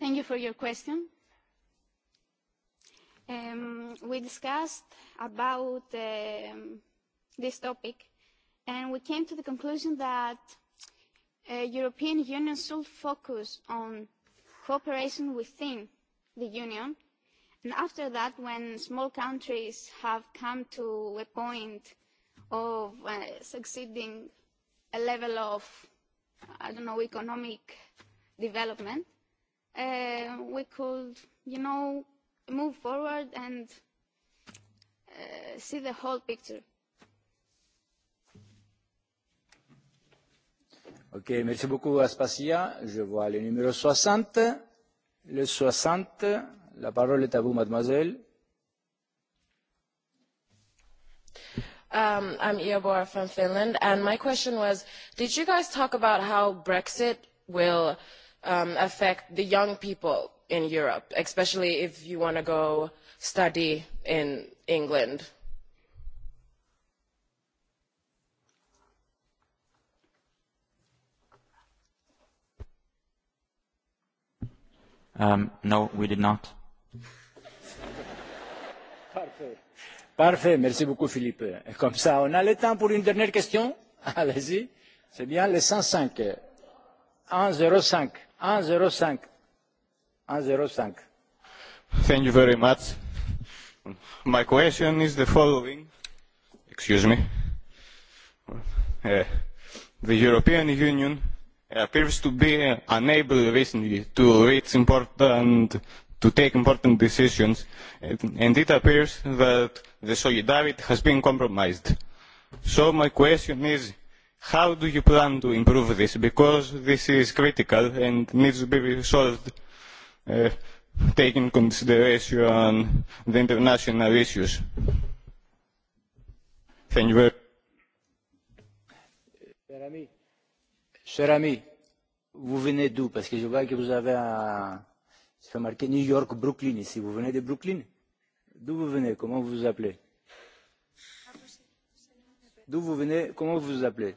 Thank you for your question Um, we discussed about um, this topic and we came to the conclusion that the uh, European Union should focus on cooperation within the Union. And after that, when small countries have come to a point of uh, succeeding a level of, I don't know, economic development, uh, we could, you know, move forward and uh, see the whole picture. Ok, merci beaucoup Aspasia. Je vois le numéro 60. Le 60, la parole est à vous, mademoiselle. Um, I'm Iobor from Finland, and my question was, did you guys talk about how Brexit will um, affect the young people in Europe, especially if you want to go study in England? Um, no, we did not. Parfait. Parfait. Merci beaucoup, Philippe. Comme ça, on a le temps pour une dernière question. Allez-y. C'est bien, le 105. 105. 105. 105. Thank you very much. My question is the following. Excuse me. Uh, the European Union appears to be unable recently to reach important, to take important decisions, and it appears that the solidarity has been compromised. So my question is, how do you plan to improve this? Because this is critical and needs to be resolved uh, eh, take into consideration the international issues. Thank you very Cher ami, cher ami, vous venez d'où Parce que je vois que vous avez un... C'est marqué New York, Brooklyn ici. Vous venez de Brooklyn D'où vous venez Comment vous vous appelez D'où vous venez Comment vous vous appelez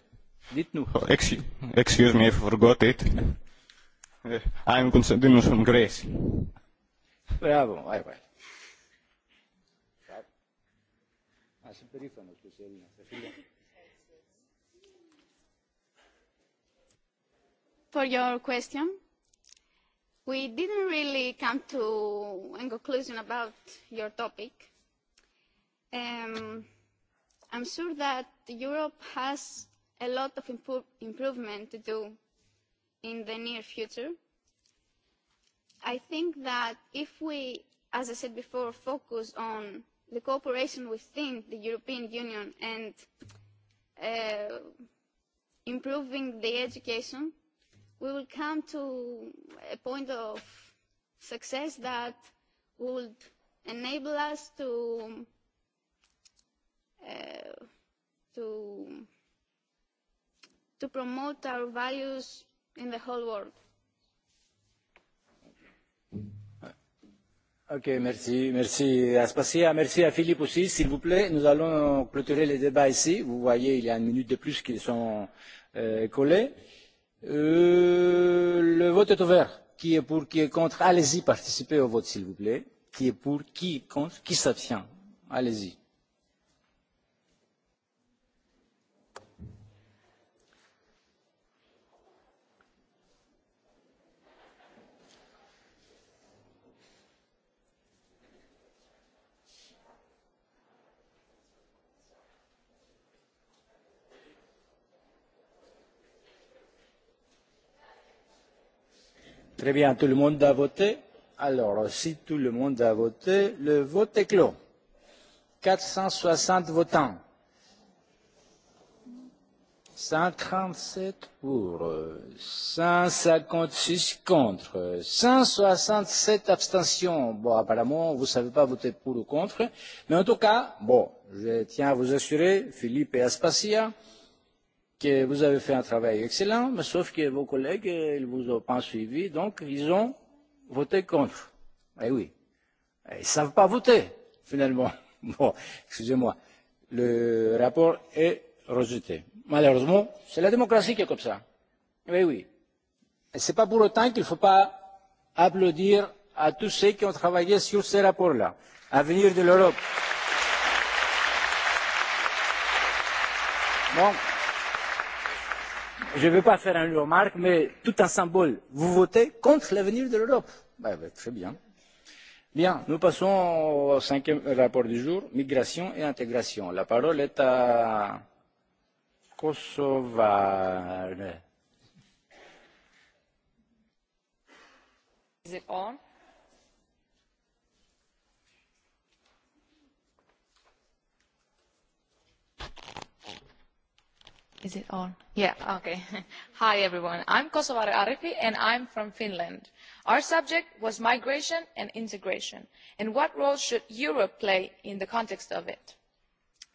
Dites-nous. Oh, excuse, excuse me, I forgot it. I'm Constantinos from Greece. Μπράβο, πάει πάει. Ας είμαι περήφανος που είσαι Έλληνα. For your question, we didn't really come to a conclusion about your topic. Um, I'm sure that Europe has a lot of impo- improvement to do in the near future. I think that if we, as I said before, focus on the cooperation within the European Union and uh, improving the education, we will come to a point of success that would enable us to uh, to to promote our values in the whole world. Ok, merci, merci Aspasia, merci à Philippe aussi, s'il vous plaît. Nous allons clôturer le débat ici. Vous voyez, il y a une minute de plus qui sont euh, collés. Euh, le vote est ouvert. Qui est pour, qui est contre Allez-y, participez au vote, s'il vous plaît. Qui est pour, qui est contre, qui s'abstient Allez-y. Très bien, tout le monde a voté Alors, si tout le monde a voté, le vote est clos. 460 votants. 137 pour, 156 contre, 167 abstentions. Bon, apparemment, vous ne savez pas voter pour ou contre. Mais en tout cas, bon, je tiens à vous assurer, Philippe et Aspasia, euh, que vous avez fait un travail excellent, mais sauf que vos collègues ne vous ont pas suivi, donc ils ont voté contre. Eh oui. Ils ne savent pas voter, finalement. Bon, excusez-moi. Le rapport est rejeté. Malheureusement, c'est la démocratie qui est comme ça. Eh oui. Et ce n'est pas pour autant qu'il ne faut pas applaudir à tous ceux qui ont travaillé sur ces rapports-là. Avenir de l'Europe. Donc, je ne veux pas faire une remarque, mais tout un symbole. Vous votez contre l'avenir de l'Europe. Bah, bah, très bien. Bien, nous passons au cinquième euh, rapport du jour, migration et intégration. La parole est à Kosovar. Is it on? Is it on? Yeah, okay. Hi everyone. I'm Kosovar Arifi and I'm from Finland. Our subject was migration and integration and what role should Europe play in the context of it.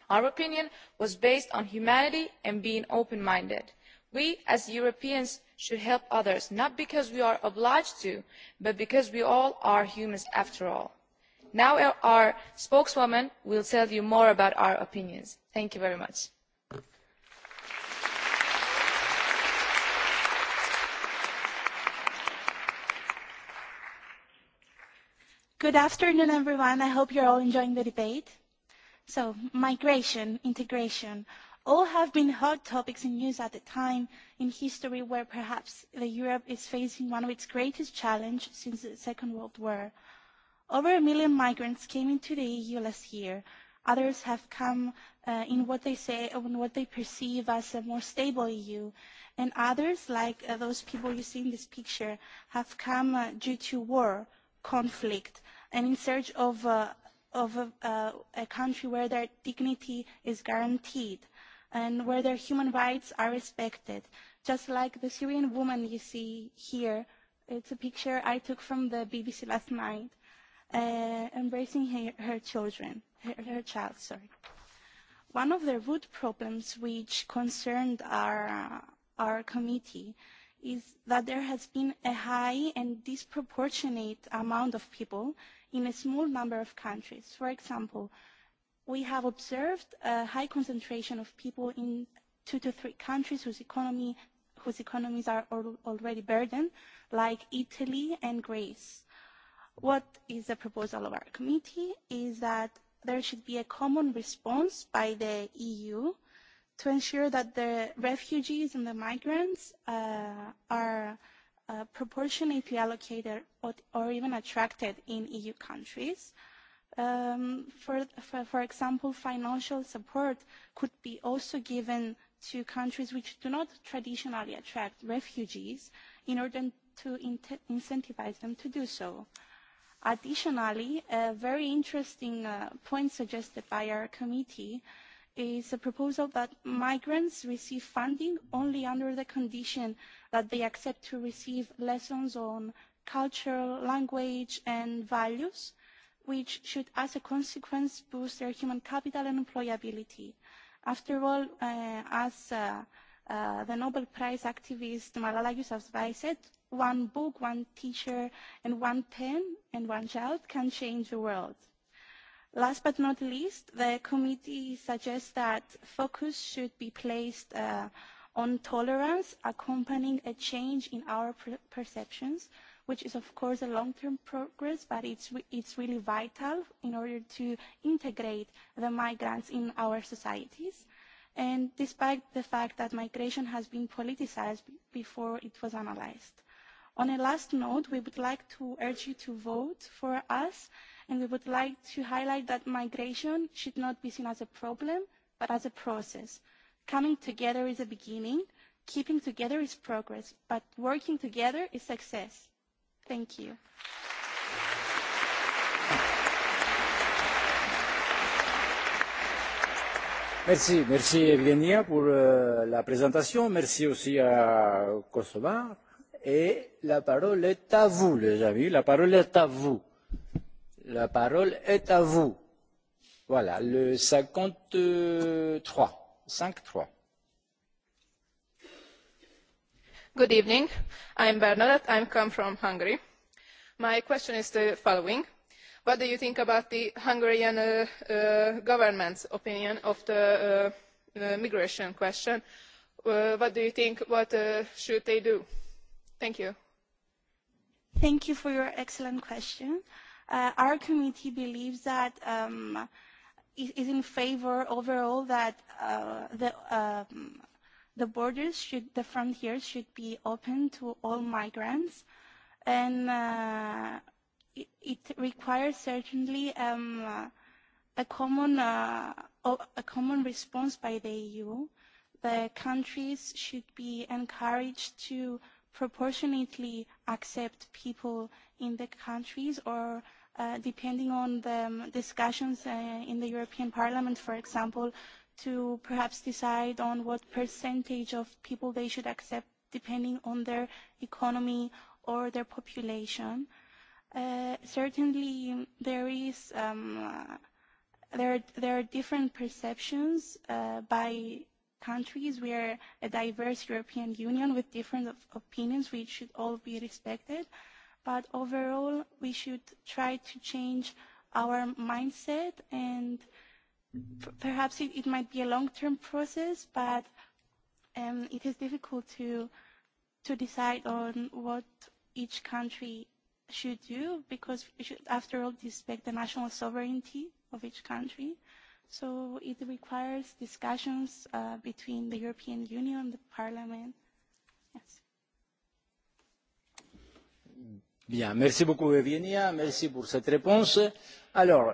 Our opinion was based on humanity and being open-minded. We as Europeans should help others not because we are obliged to but because we all are humans after all. Now our spokeswoman will tell you more about our opinions. Thank you very much. Good afternoon, everyone. I hope you're all enjoying the debate. So, migration, integration, all have been hot topics in news at the time in history where perhaps the Europe is facing one of its greatest challenges since the Second World War. Over a million migrants came into the EU last year. Others have come uh, in what they say, in uh, what they perceive as a more stable EU, and others, like uh, those people you see in this picture, have come uh, due to war, conflict, and in search of, uh, of a, uh, a country where their dignity is guaranteed and where their human rights are respected. Just like the Syrian woman you see here, it's a picture I took from the BBC last night, uh, embracing her, her children, her, her child, sorry. One of the root problems which concerned our, uh, our committee is that there has been a high and disproportionate amount of people in a small number of countries. For example, we have observed a high concentration of people in two to three countries whose economy whose economies are al- already burdened, like Italy and Greece. What is the proposal of our committee is that there should be a common response by the EU to ensure that the refugees and the migrants uh, are uh, proportionately allocated or, or even attracted in EU countries. Um, for, for, for example, financial support could be also given to countries which do not traditionally attract refugees in order to in- incentivize them to do so. Additionally, a very interesting uh, point suggested by our committee is a proposal that migrants receive funding only under the condition that they accept to receive lessons on culture, language and values, which should, as a consequence, boost their human capital and employability. After all, uh, as uh, uh, the Nobel Prize activist Malala Yousafzai said, one book, one teacher, and one pen and one child can change the world. Last but not least, the committee suggests that focus should be placed uh, on tolerance accompanying a change in our per- perceptions, which is of course a long-term progress, but it's, re- it's really vital in order to integrate the migrants in our societies. And despite the fact that migration has been politicized before it was analyzed. On a last note, we would like to urge you to vote for us, and we would like to highlight that migration should not be seen as a problem, but as a process Coming together is a beginning, keeping together is progress, but working together is success. Thank you. Merci, merci Evgenia pour euh, la présentation. Merci aussi à Kosova. Et la parole est à vous, les amis. La parole est à vous. La parole est à vous. Voilà, le 53 cinq trois. Good evening. I'm Bernadette. I come from Hungary. My question is the following. What do you think about the Hungarian uh, uh, government's opinion of the uh, uh, migration question? Uh, what do you think? What uh, should they do? Thank you. Thank you for your excellent question. Uh, our committee believes that um, is in favor overall that uh, the, um, the borders should, the frontiers should be open to all migrants. And uh, it, it requires certainly um, a common, uh, a common response by the EU. The countries should be encouraged to proportionately accept people in the countries or uh, depending on the um, discussions uh, in the European Parliament, for example, to perhaps decide on what percentage of people they should accept depending on their economy or their population. Uh, certainly, there is um, uh, there are, there are different perceptions uh, by countries. We are a diverse European Union with different of, opinions, which should all be respected. Uh, But overall, we should try to change our mindset and perhaps it, it might be a long-term process, but um, it is difficult to to decide on what each country should do because we should, after all, respect the national sovereignty of each country. So it requires discussions uh, between the European Union, the Parliament. Yes. Bien, merci beaucoup Evgenia, merci pour cette réponse. Alors,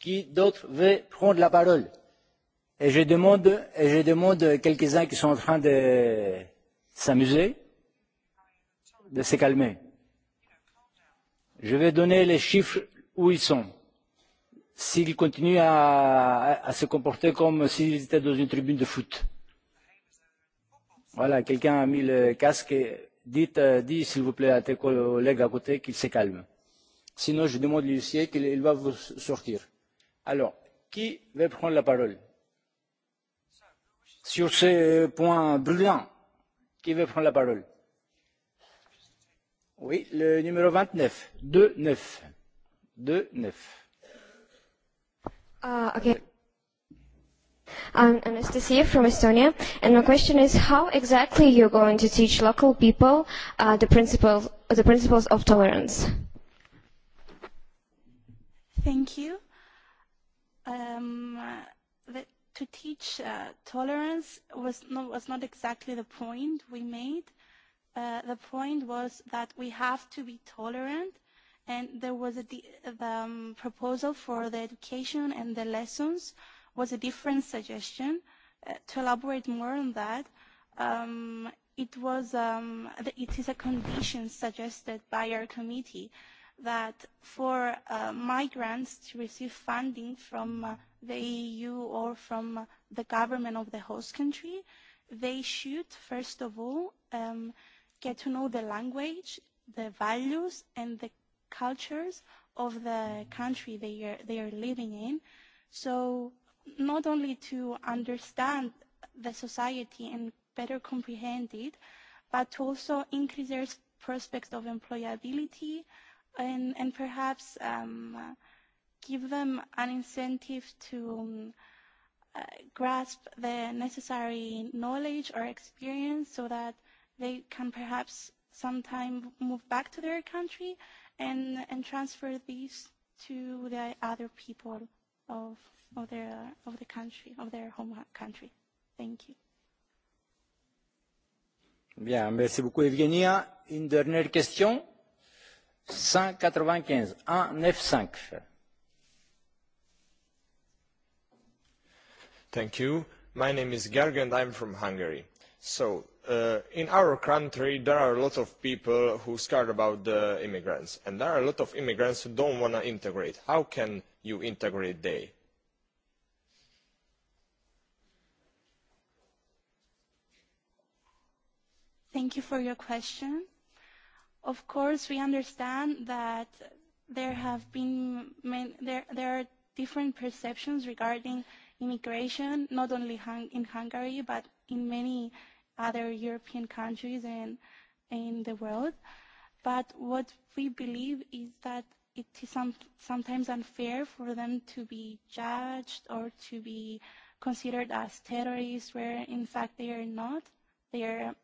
qui d'autre veut prendre la parole Et je demande, et je demande quelques-uns qui sont en train de s'amuser, de se calmer. Je vais donner les chiffres où ils sont. S'ils continuent à, à, à se comporter comme s'ils étaient dans une tribune de foot. Voilà, quelqu'un a mis le casque et dites, euh, dis s'il vous plaît à tes collègues à côté qu'ils se calment. Sinon, je demande à l'huissier qu'il va vous sortir. Alors, qui veut prendre la parole sur ce point brûlant Qui veut prendre la parole Oui, le numéro 29, 2-9. 2-9. Uh, okay. I'm Anastasia from Estonia, and my question is how exactly you're going to teach local people uh, the, principles, the principles of tolerance? Thank you. Um, the, to teach uh, tolerance was not, was not exactly the point we made. Uh, the point was that we have to be tolerant, and there was a de- the um, proposal for the education and the lessons uh, was a different suggestion. Uh, to elaborate more on that, um, it was um, the, it is a condition suggested by our committee that for uh, migrants to receive funding from uh, the EU or from uh, the government of the host country, they should first of all um, get to know the language, the values, and the cultures of the country they are they are living in. So not only to understand the society and better comprehend it, but also increase their prospects of employability and, and perhaps um, give them an incentive to um, uh, grasp the necessary knowledge or experience so that they can perhaps sometime move back to their country and, and transfer these to the other people of of their of the country of their home country. Thank you. Bien, merci beaucoup Evgenia. Une dernière question. 195 195. Thank you. My name is Gerg and I'm from Hungary. So, uh, in our country, there are a lot of people who scared about the immigrants, and there are a lot of immigrants who don't want to integrate. How can you integrate day. Thank you for your question. Of course, we understand that there have been many, there, there are different perceptions regarding immigration, not only hung, in Hungary, but in many other European countries and in the world. But what we believe is that it is some, sometimes unfair for them to be judged or to be considered as terrorists, where in fact they are not. They are,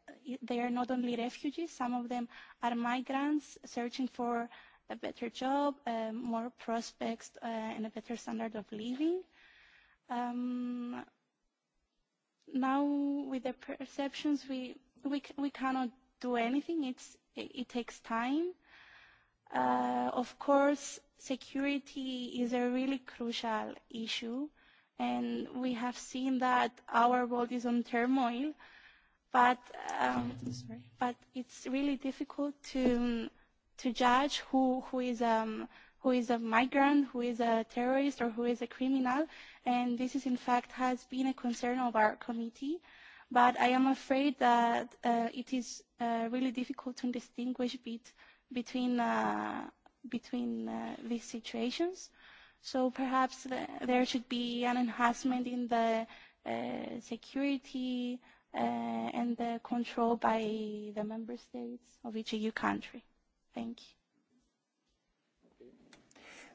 they are not only refugees, some of them are migrants searching for a better job, uh, more prospects, uh, and a better standard of living. Um, now, with the perceptions, we, we, we cannot do anything. It's, it, it takes time Uh, of course, security is a really crucial issue, and we have seen that our world is on turmoil. But um, sorry, but it's really difficult to to judge who who is um who is a migrant, who is a terrorist, or who is a criminal. And this is in fact has been a concern of our committee. But I am afraid that uh, it is uh, really difficult to distinguish between between uh, between uh, these situations. So perhaps the, there should be an enhancement in the uh, security uh, and the control by the member states of each EU country. Thank you.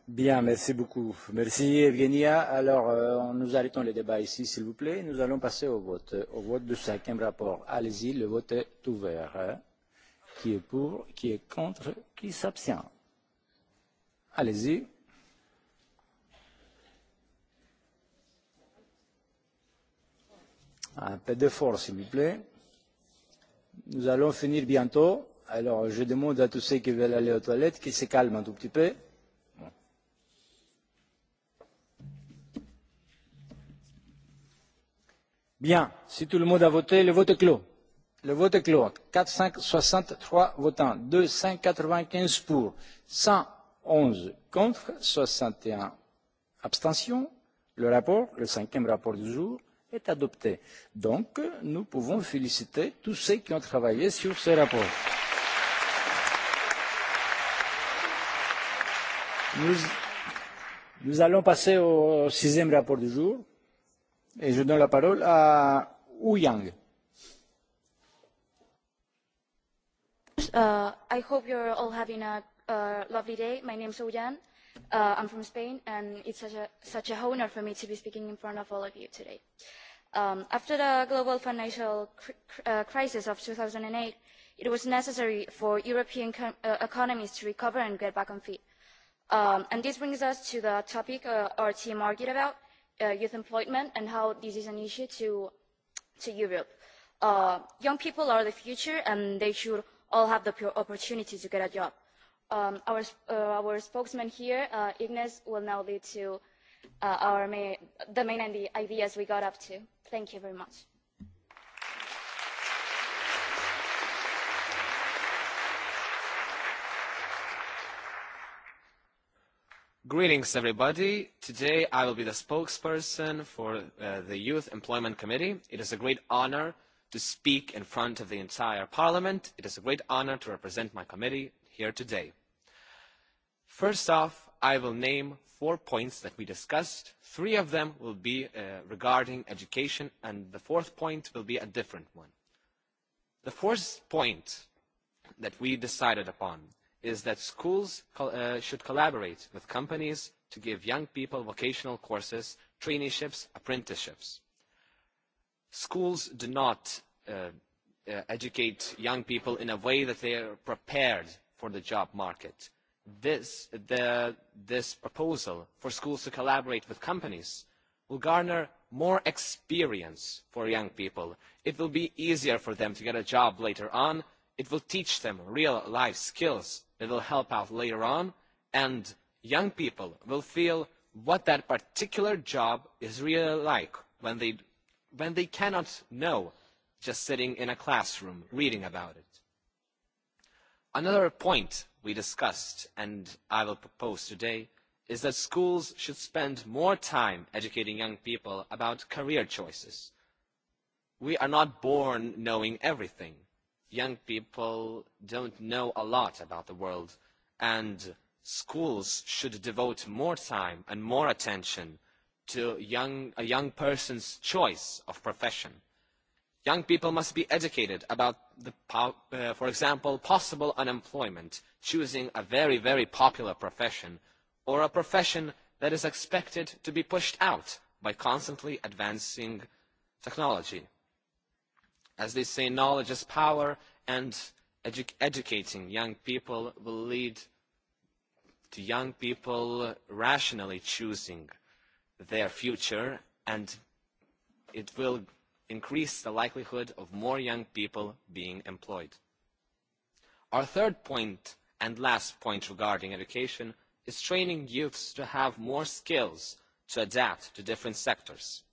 Bien, merci beaucoup. Merci Evgenia. Alors, euh, nous arrêtons le débat ici, s'il vous plaît. Nous allons passer au vote, au vote du cinquième rapport. Allez-y, le vote est ouvert. Hein qui est pour, qui est contre, qui s'abstient. Allez-y. Un peu d'effort, s'il vous plaît. Nous allons finir bientôt. Alors, je demande à tous ceux qui veulent aller aux toilettes qu'ils se calment un tout petit peu. Bien, si tout le monde a voté, le vote est clos. Le vote est clos. 463 votants, 295 pour, 111 contre, 61 abstentions. Le rapport, le cinquième rapport du jour, est adopté. Donc, nous pouvons féliciter tous ceux qui ont travaillé sur ce rapport. Nous, nous allons passer au sixième rapport du jour et je donne la parole à Wu Yang. Uh, I hope you're all having a uh, lovely day. My name's Ojan. Uh, I'm from Spain, and it's such a, such a honor for me to be speaking in front of all of you today. Um, after the global financial cr cr uh, crisis of 2008, it was necessary for European co uh, economies to recover and get back on feet. Um, and this brings us to the topic uh, our team argued about, uh, youth employment, and how this is an issue to, to Europe. Uh, young people are the future, and they should all have the opportunity to get a job. Um, our, uh, our spokesman here, uh, Ignace, will now lead to uh, our main, the main ideas we got up to. Thank you very much. Greetings, everybody. Today I will be the spokesperson for uh, the Youth Employment Committee. It is a great honor uh, to speak in front of the entire Parliament. It is a great honor to represent my committee here today. First off, I will name four points that we discussed. Three of them will be uh, regarding education, and the fourth point will be a different one. The fourth point that we decided upon is that schools co uh, should collaborate with companies to give young people vocational courses, traineeships, apprenticeships schools do not uh, uh, educate young people in a way that they are prepared for the job market. This, the, this proposal for schools to collaborate with companies will garner more experience for young people. It will be easier for them to get a job later on. It will teach them real life skills that will help out later on. And young people will feel what that particular job is really like when they when they cannot know just sitting in a classroom reading about it. Another point we discussed and I will propose today is that schools should spend more time educating young people about career choices. We are not born knowing everything. Young people don't know a lot about the world and schools should devote more time and more attention to young, a young person's choice of profession. Young people must be educated about, the, uh, for example, possible unemployment, choosing a very, very popular profession, or a profession that is expected to be pushed out by constantly advancing technology. As they say, knowledge is power, and edu educating young people will lead to young people rationally choosing their future and it will increase the likelihood of more young people being employed. Our third point and last point regarding education is training youths to have more skills to adapt to different sectors.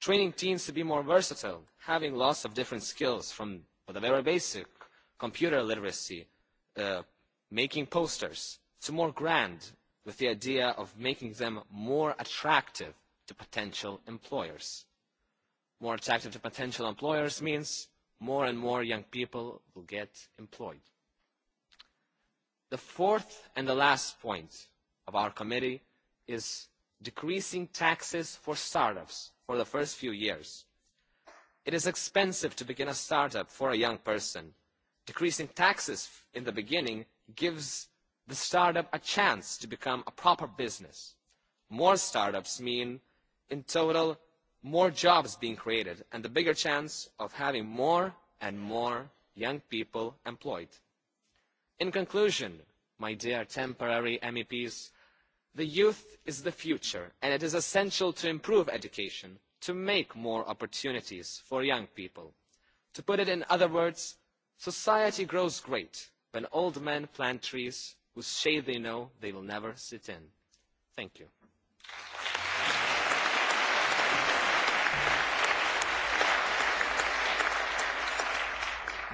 Training teens to be more versatile, having lots of different skills from the very basic computer literacy, uh, making posters, to more grand with the idea of making them more attractive to potential employers. More attractive to potential employers means more and more young people will get employed. The fourth and the last point of our committee is decreasing taxes for startups for the first few years. It is expensive to begin a startup for a young person. Decreasing taxes in the beginning gives the startup a chance to become a proper business. More startups mean, in total, more jobs being created and the bigger chance of having more and more young people employed. In conclusion, my dear temporary MEPs, the youth is the future and it is essential to improve education, to make more opportunities for young people. To put it in other words, society grows great when old men plant trees whose shade they know they will never sit in. Thank you.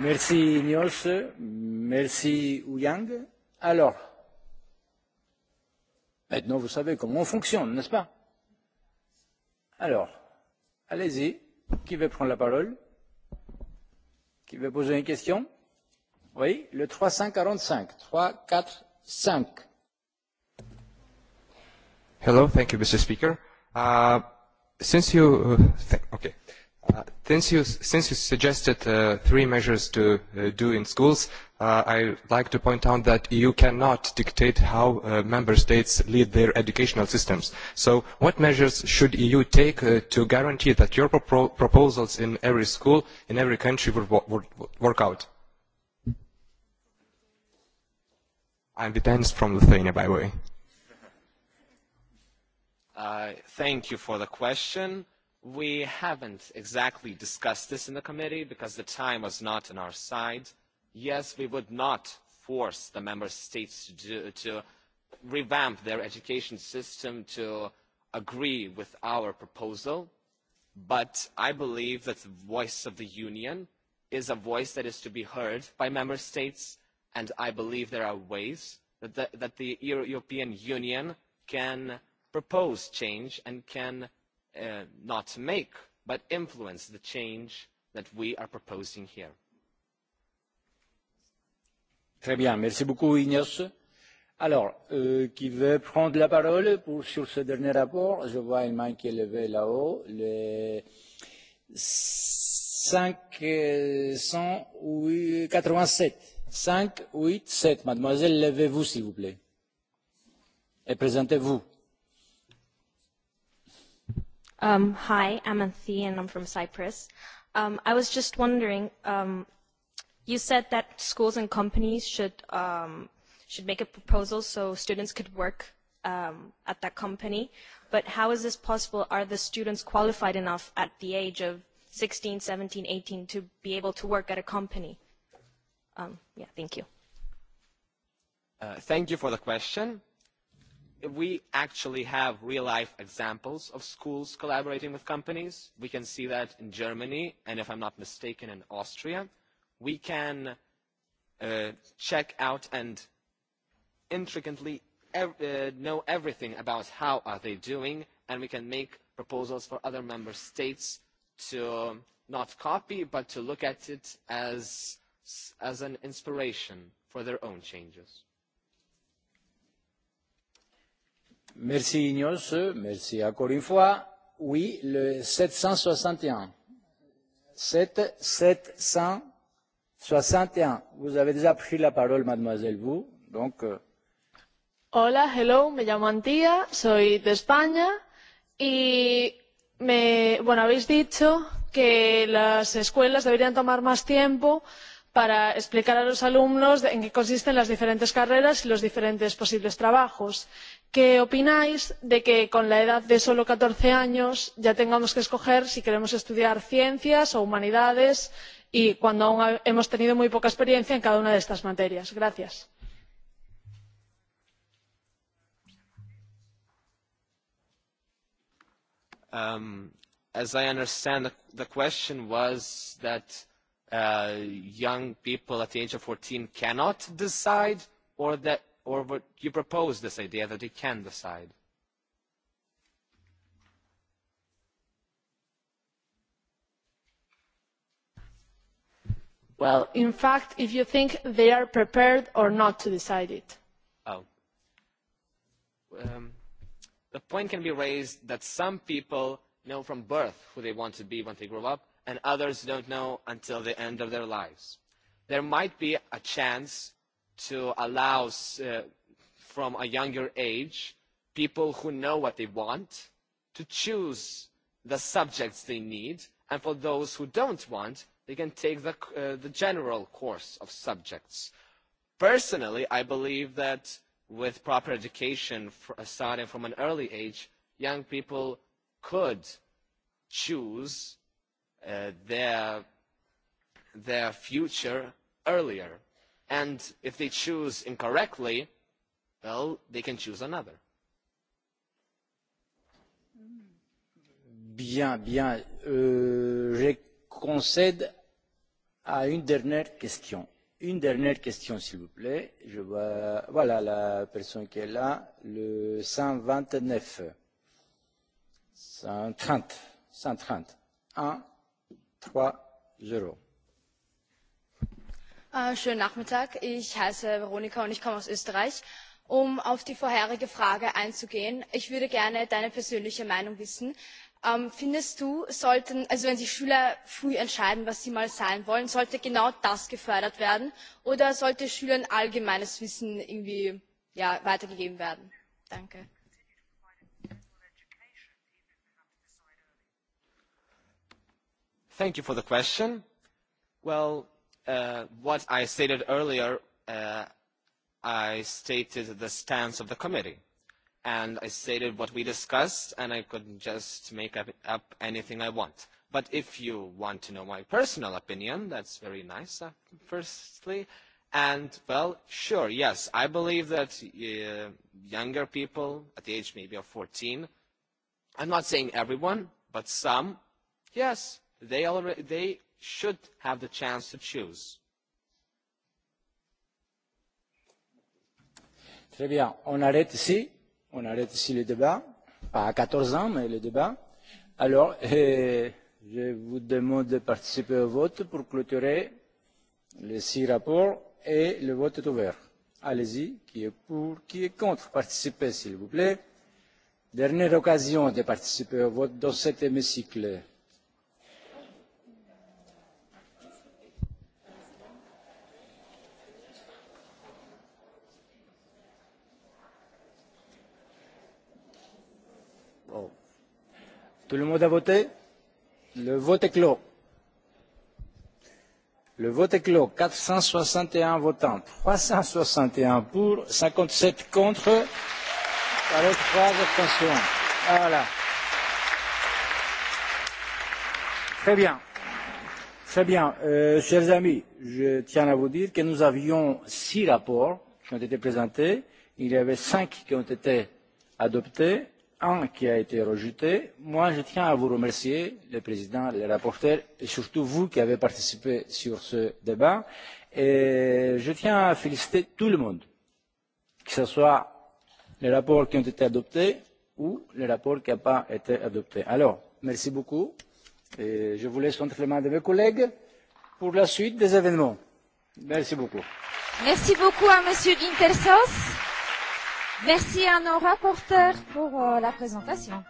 Merci Niels, merci Ouyang. Alors, maintenant vous savez comment on fonctionne, n'est-ce pas Alors, allez-y, qui veut prendre la parole Qui veut poser une question Oui, le 345, 3, 4, 5. Hello, thank you, Mr. Speaker. Uh, since you uh, th- okay, uh, since you since you suggested uh, three measures to uh, do in schools, uh, I'd like to point out that EU cannot dictate how uh, member states lead their educational systems. So, what measures should EU take uh, to guarantee that your pro- proposals in every school in every country would, wo- would work out? I'm Vitalis from Lithuania, by the way. Uh, thank you for the question. We haven't exactly discussed this in the committee because the time was not on our side. Yes, we would not force the member states to, do, to revamp their education system to agree with our proposal, but I believe that the voice of the union is a voice that is to be heard by member states and I believe there are ways that the, that the Euro European Union can propose change and can uh, not make but influence the change that we are proposing here. Très bien, merci beaucoup Ignace. Alors, euh, qui veut prendre la parole pour, sur ce dernier rapport Je vois une main qui est levée là-haut. Le 587. 5, 8, 7. Mademoiselle, levez-vous, s'il vous plaît. Et présentez-vous. Um, hi, I'm Anthea and I'm from Cyprus. Um, I was just wondering, um, you said that schools and companies should, um, should make a proposal so students could work um, at that company. But how is this possible? Are the students qualified enough at the age of 16, 17, 18 to be able to work at a company? Um, yeah, thank you. Uh, thank you for the question. We actually have real-life examples of schools collaborating with companies. We can see that in Germany, and if I'm not mistaken, in Austria. We can uh, check out and intricately ev uh, know everything about how are they doing, and we can make proposals for other member states to not copy, but to look at it as as an inspiration for their own changes. Merci Ignos, merci encore une fois. Oui, le 761. 7, 761. Vous avez déjà pris la parole, mademoiselle, vous. Donc. Euh... Hola, hello, me llamo Antía, soy de España y me, bueno, habéis dicho que las escuelas deberían tomar más tiempo para explicar a los alumnos en qué consisten las diferentes carreras y los diferentes posibles trabajos. qué opináis de que con la edad de solo catorce años ya tengamos que escoger si queremos estudiar ciencias o humanidades y cuando aún hemos tenido muy poca experiencia en cada una de estas materias? gracias. Um, as I understand, the, the question was that uh, young people at the age of 14 cannot decide, or that, or would you propose this idea that they can decide? Well, in fact, if you think they are prepared or not to decide it. Oh. Um, the point can be raised that some people know from birth who they want to be when they grow up, and others don't know until the end of their lives. There might be a chance to allow uh, from a younger age people who know what they want to choose the subjects they need and for those who don't want they can take the, uh, the general course of subjects. Personally, I believe that with proper education for, uh, starting from an early age, young people could choose uh, their, their future earlier. And if they choose incorrectly, well, they can choose another. Bien, bien. Euh, je concède à une dernière question. Une dernière question, s'il vous plaît. Je vois, voilà la personne qui est là, le 129. 130. 130. 1, Frau äh, Schönen Nachmittag. Ich heiße Veronika und ich komme aus Österreich. Um auf die vorherige Frage einzugehen, ich würde gerne deine persönliche Meinung wissen. Ähm, findest du, sollten, also wenn sich Schüler früh entscheiden, was sie mal sein wollen, sollte genau das gefördert werden oder sollte Schülern allgemeines Wissen irgendwie ja, weitergegeben werden? Danke. Thank you for the question. Well, uh, what I stated earlier, uh, I stated the stance of the committee, and I stated what we discussed, and I could just make up, up anything I want. But if you want to know my personal opinion, that's very nice, uh, firstly. And, well, sure, yes, I believe that uh, younger people, at the age maybe of 14, I'm not saying everyone, but some, yes, They, already, they should have the chance to choose. Très bien. On arrête ici. On arrête ici le débat. Pas à 14 ans, mais le débat. Alors, euh, je vous demande de participer au vote pour clôturer les six rapports et le vote est ouvert. Allez-y. Qui est pour, qui est contre Participez, s'il vous plaît. Dernière occasion de participer au vote dans cet hémicycle. Tout le monde a voté Le vote est clos. Le vote est clos. 461 votants, 361 pour, 57 contre, avec 3 abstentions. Voilà. Très bien. Très bien. Euh, chers amis, je tiens à vous dire que nous avions six rapports qui ont été présentés. Il y avait cinq qui ont été adoptés un qui a été rejeté. Moi, je tiens à vous remercier, le président, les rapporteurs, et surtout vous qui avez participé sur ce débat. Et je tiens à féliciter tout le monde, que ce soit les rapports qui ont été adoptés ou les rapports qui n'ont pas été adoptés. Alors, merci beaucoup. Et je vous laisse entre les mains de mes collègues pour la suite des événements. Merci beaucoup. Merci beaucoup à Monsieur Guintersos. Merci à nos rapporteurs pour euh, la présentation.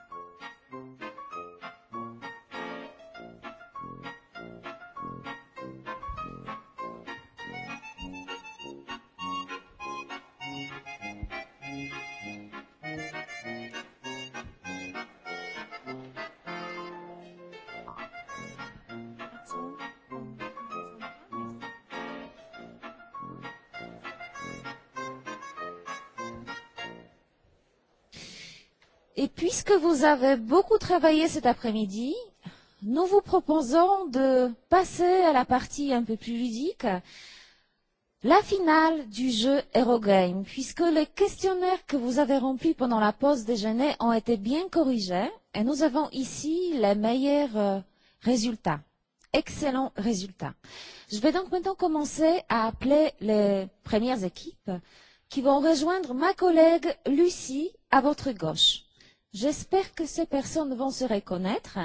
Puisque vous avez beaucoup travaillé cet après-midi, nous vous proposons de passer à la partie un peu plus ludique, la finale du jeu Eurogame, puisque les questionnaires que vous avez remplis pendant la pause déjeuner ont été bien corrigés et nous avons ici les meilleurs euh, résultats. Excellents résultats. Je vais donc maintenant commencer à appeler les premières équipes qui vont rejoindre ma collègue Lucie à votre gauche. J'espère que ces personnes vont se reconnaître.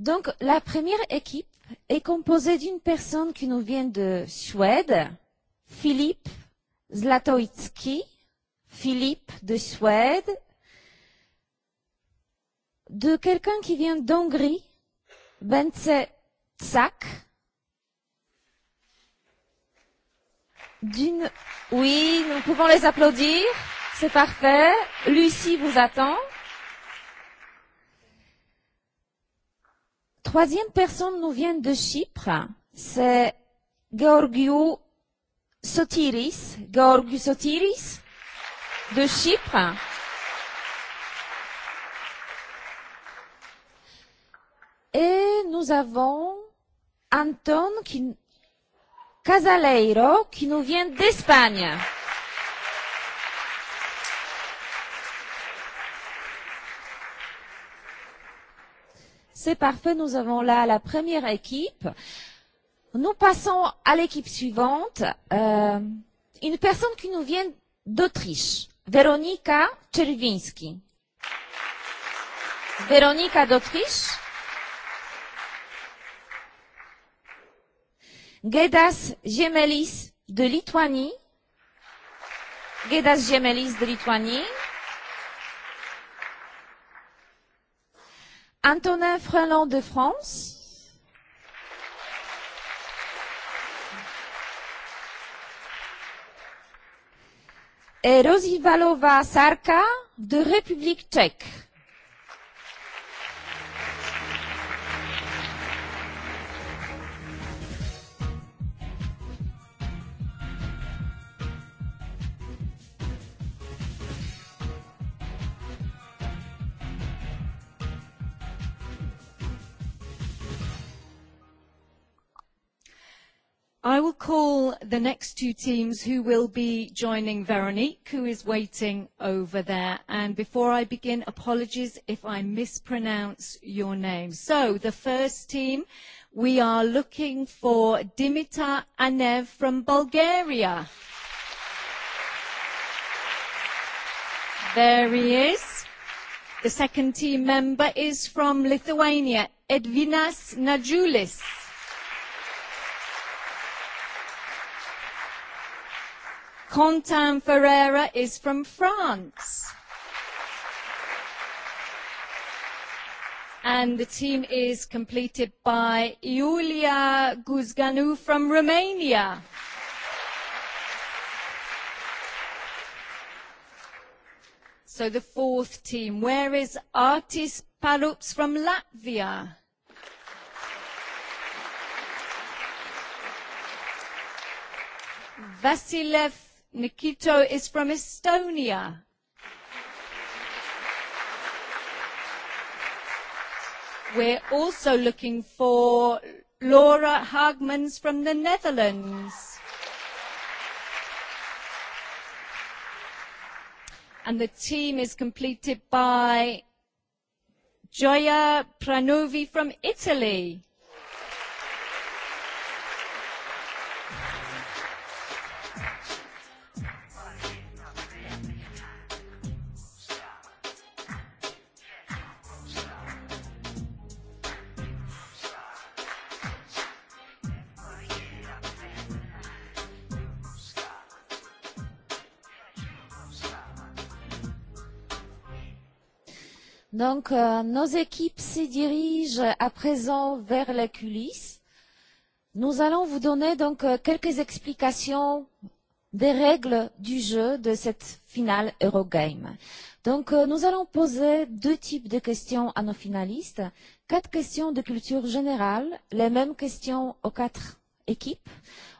Donc, la première équipe est composée d'une personne qui nous vient de Suède, Philippe Zlatoitsky, Philippe de Suède, de quelqu'un qui vient d'Hongrie, Bence Tsak, d'une, oui, nous pouvons les applaudir. C'est parfait. Lucie vous attend. Troisième personne nous vient de Chypre. C'est Georgiou Sotiris. Georgiou Sotiris de Chypre. Et nous avons Anton qui, Casaleiro qui nous vient d'Espagne. Applaudissements C'est parfait, nous avons là la première équipe. Nous passons à l'équipe suivante. Euh, une personne qui nous vient d'Autriche, Veronika Czerwinski. Veronika d'Autriche. Gedas Gemelis de Lituanie. Gedas Gemelis de Lituanie. Antonin Freland de France. Et Rosivalova Sarka de République tchèque. I will call the next two teams who will be joining Veronique, who is waiting over there. And before I begin, apologies if I mispronounce your name. So the first team, we are looking for Dimitar Anev from Bulgaria. There he is. The second team member is from Lithuania, Edvinas Nadžiulis. Quentin Ferreira is from France. And the team is completed by Iulia Guzganu from Romania. So the fourth team, where is Artis Palups from Latvia? Vasilev Nikito is from Estonia. We're also looking for Laura Hagmans from the Netherlands. And the team is completed by Gioia Pranovi from Italy. Donc, euh, nos équipes se dirigent à présent vers les coulisses. Nous allons vous donner donc euh, quelques explications des règles du jeu de cette finale Eurogame. Donc, euh, nous allons poser deux types de questions à nos finalistes. Quatre questions de culture générale, les mêmes questions aux quatre équipes,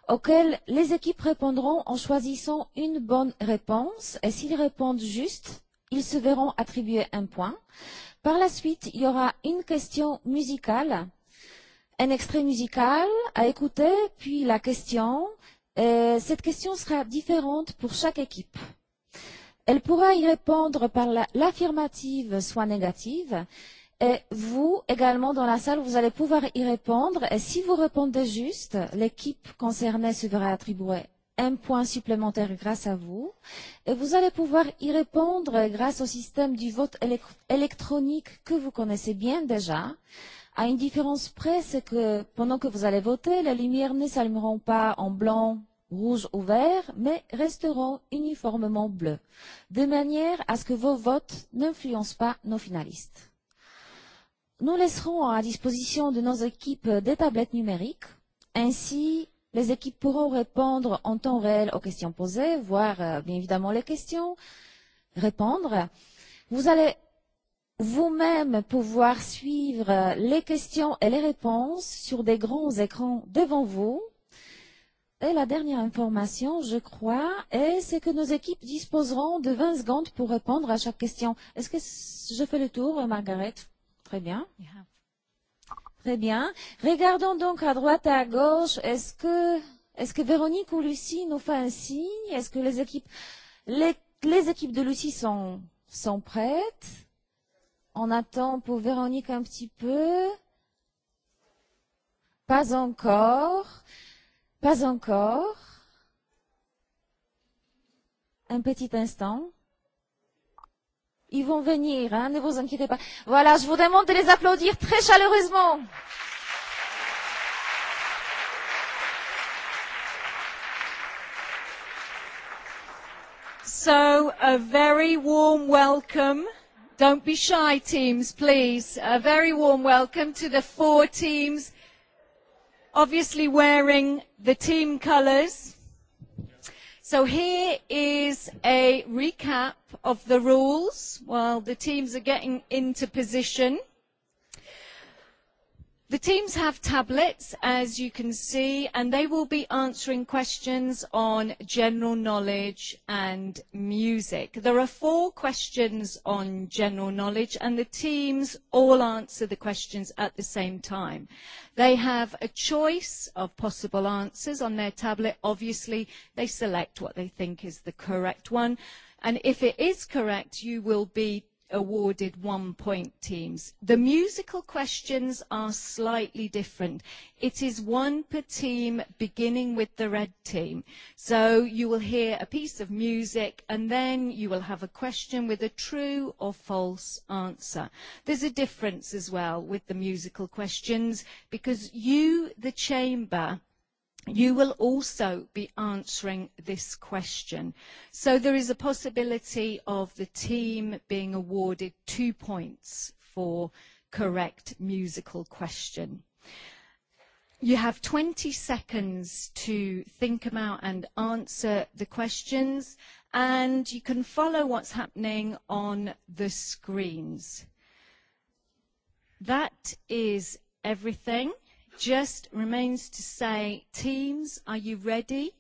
auxquelles les équipes répondront en choisissant une bonne réponse. Et s'ils répondent juste, ils se verront attribuer un point. Par la suite, il y aura une question musicale, un extrait musical à écouter, puis la question. Et euh, cette question sera différente pour chaque équipe. Elle pourra y répondre par l'affirmative, la, soit négative. Et vous, également dans la salle, vous allez pouvoir y répondre. Et si vous répondez juste, l'équipe concernée se verra attribuer un point supplémentaire grâce à vous. Et vous allez pouvoir y répondre grâce au système du vote électro électronique que vous connaissez bien déjà. À une différence près, c'est que pendant que vous allez voter, les lumières ne s'allumeront pas en blanc, rouge ou vert, mais resteront uniformément bleues, de manière à ce que vos votes n'influencent pas nos finalistes. Nous laisserons à disposition de nos équipes des tablettes numériques. Ainsi, Les équipes pourront répondre en temps réel aux questions posées, voir euh, bien évidemment les questions, répondre. Vous allez vous-même pouvoir suivre euh, les questions et les réponses sur des grands écrans devant vous. Et la dernière information, je crois, est c'est que nos équipes disposeront de 20 secondes pour répondre à chaque question. Est-ce que je fais le tour, Margaret Très bien. Yeah. Très bien. Regardons donc à droite et à gauche. Est-ce que, est-ce que Véronique ou Lucie nous fait un signe Est-ce que les équipes, les, les équipes de Lucie sont, sont prêtes On attend pour Véronique un petit peu. Pas encore. Pas encore. Un petit instant. Ils vont venir, hein, ne vous inquiétez pas. Voilà, je vous demande de les applaudir très chaleureusement. So, a very warm welcome. Don't be shy, teams, please. A very warm welcome to the four teams, obviously wearing the team colours So here is a recap of the rules while the teams are getting into position. The teams have tablets, as you can see, and they will be answering questions on general knowledge and music. There are four questions on general knowledge, and the teams all answer the questions at the same time. They have a choice of possible answers on their tablet. Obviously, they select what they think is the correct one. And if it is correct, you will be awarded one point teams. The musical questions are slightly different. It is one per team beginning with the red team. So you will hear a piece of music and then you will have a question with a true or false answer. There's a difference as well with the musical questions because you, the chamber, you will also be answering this question. So there is a possibility of the team being awarded two points for correct musical question. You have 20 seconds to think about and answer the questions, and you can follow what's happening on the screens. That is everything. Just remains to say, teams, are you ready?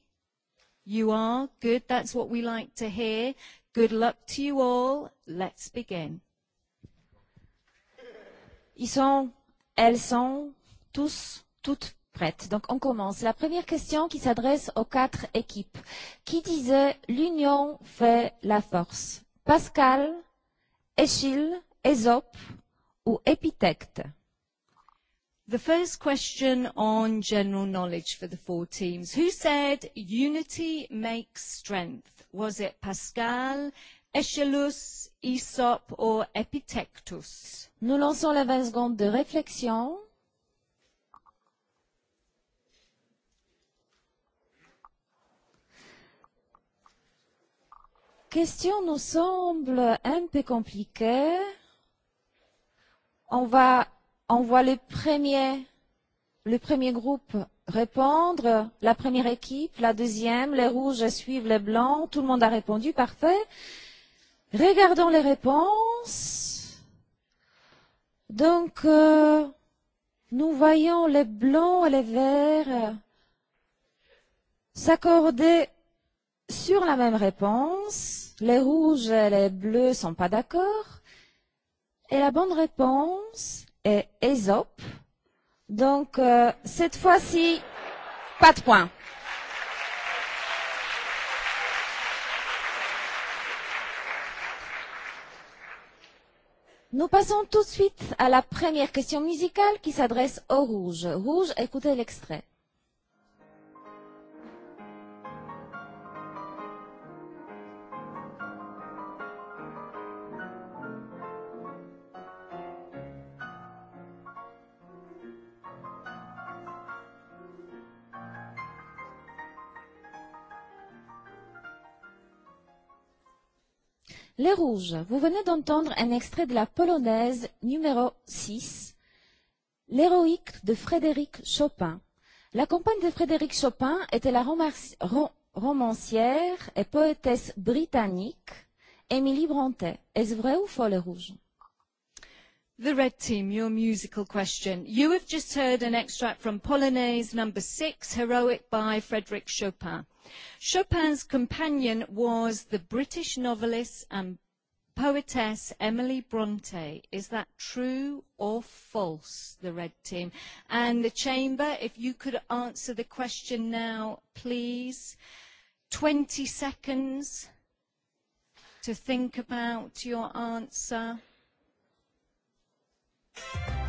You are. Good. That's what we like to hear. Good luck to you all. Let's begin. Ils sont, elles sont tous, toutes prêtes. Donc on commence. La première question qui s'adresse aux quatre équipes. Qui disait l'union fait la force Pascal, Échille, Ésope ou Épithète The first question on general knowledge for the four teams. Who said unity makes strength? Was it Pascal, Aeschylus, Aesop or Epictetus? Nous lançons la 20 secondes de réflexion. Question nous semble un peu compliquée. On va on voit le premier, le premier groupe répondre, la première équipe, la deuxième, les rouges suivent les blancs, tout le monde a répondu, parfait. Regardons les réponses. Donc, euh, nous voyons les blancs et les verts s'accorder sur la même réponse. Les rouges et les bleus sont pas d'accord. Et la bonne réponse, et Aesop. Donc, euh, cette fois-ci, pas de points. Nous passons tout de suite à la première question musicale qui s'adresse au rouge. Rouge, écoutez l'extrait. Les Rouges, vous venez d'entendre un extrait de la polonaise numéro 6, L'héroïque de Frédéric Chopin. La compagne de Frédéric Chopin était la rom romancière et poétesse britannique Emily Brontë. Est-ce vrai ou faux, Les Rouges The Red Team, your musical question. You have just heard an extract from Polonaise number 6, Heroic by Frédéric Chopin. Chopin's companion was the British novelist and poetess Emily Bronte. Is that true or false, the red team? And the chamber, if you could answer the question now, please. 20 seconds to think about your answer. Thank you.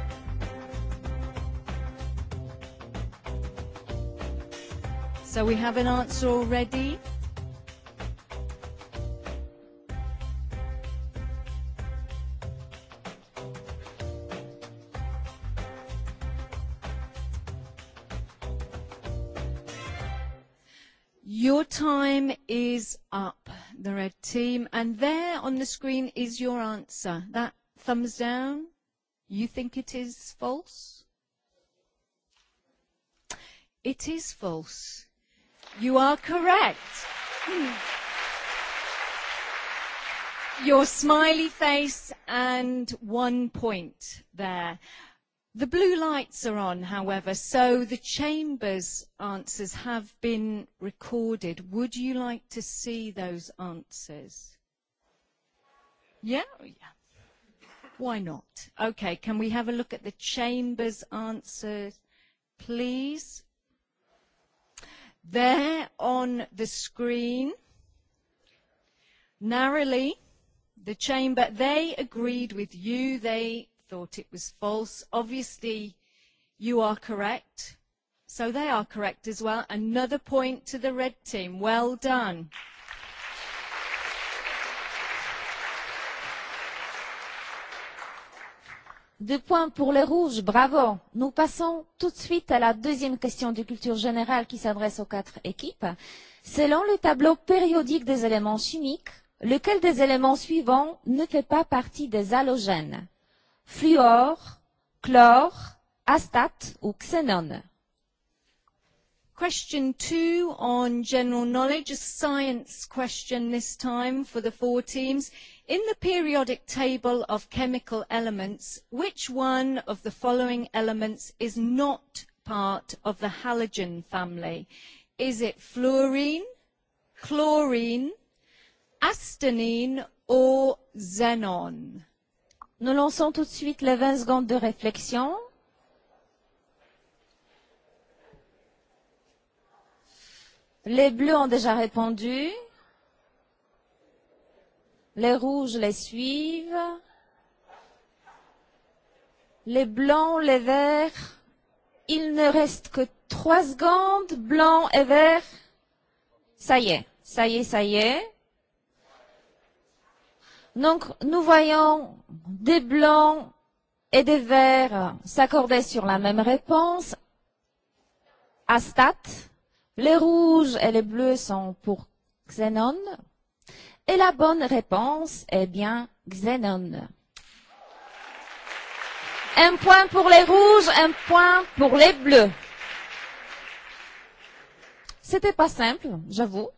So we have an answer already. Your time is up, the red team, and there on the screen is your answer. That thumbs down, you think it is false? It is false. You are correct. Your smiley face and one point there. The blue lights are on, however, so the Chamber's answers have been recorded. Would you like to see those answers? Yeah? Oh, yeah. Why not? Okay, can we have a look at the Chamber's answers, please? there on the screen narrowly the chamber they agreed with you they thought it was false obviously you are correct so they are correct as well another point to the red team well done Deux points pour les rouges, bravo. Nous passons tout de suite à la deuxième question de culture générale qui s'adresse aux quatre équipes. Selon le tableau périodique des éléments chimiques, lequel des éléments suivants ne fait pas partie des halogènes Fluor, chlore, astate ou xénone Question two on general knowledge, a science question this time for the four teams. In the periodic table of chemical elements, which one of the following elements is not part of the halogen family? Is it fluorine, chlorine, astonine or xenon? Nous lançons tout de suite les 20 secondes de réflexion. Les bleus ont déjà répondu. Les rouges les suivent. Les blancs, les verts. Il ne reste que trois secondes. Blanc et vert. Ça y est, ça y est, ça y est. Donc, nous voyons des blancs et des verts s'accorder sur la même réponse. À stat, les rouges et les bleus sont pour Xenon, Et la bonne réponse est bien Xenon. Un point pour les rouges, un point pour les bleus. C'était pas simple, j'avoue.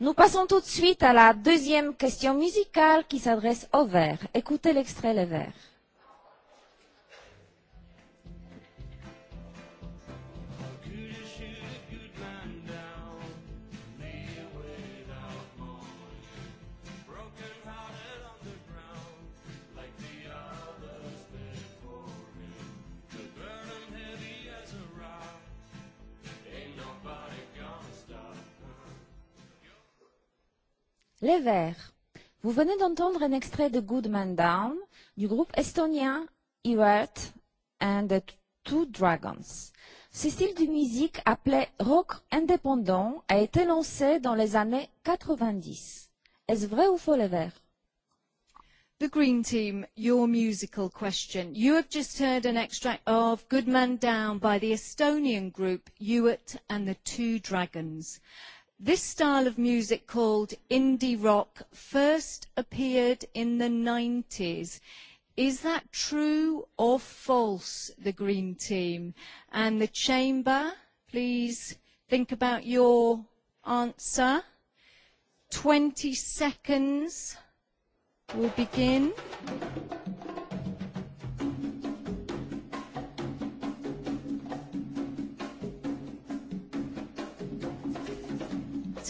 Nous passons tout de suite à la deuxième question musicale qui s'adresse aux verts. Écoutez l'extrait Les Verts. Les Verts. Vous venez d'entendre un extrait de Goodman Down du groupe estonien Ewart and the Two Dragons. Ce style de musique appelé rock indépendant a été lancé dans les années 90. Est-ce vrai ou faux les Verts? The Green Team, your musical question. You have just heard an extract of Good Man Down by the Estonian group Ewart and the Two Dragons. This style of music called indie rock first appeared in the 90s. Is that true or false, the Green Team? And the Chamber, please think about your answer. 20 seconds will begin. Thank you.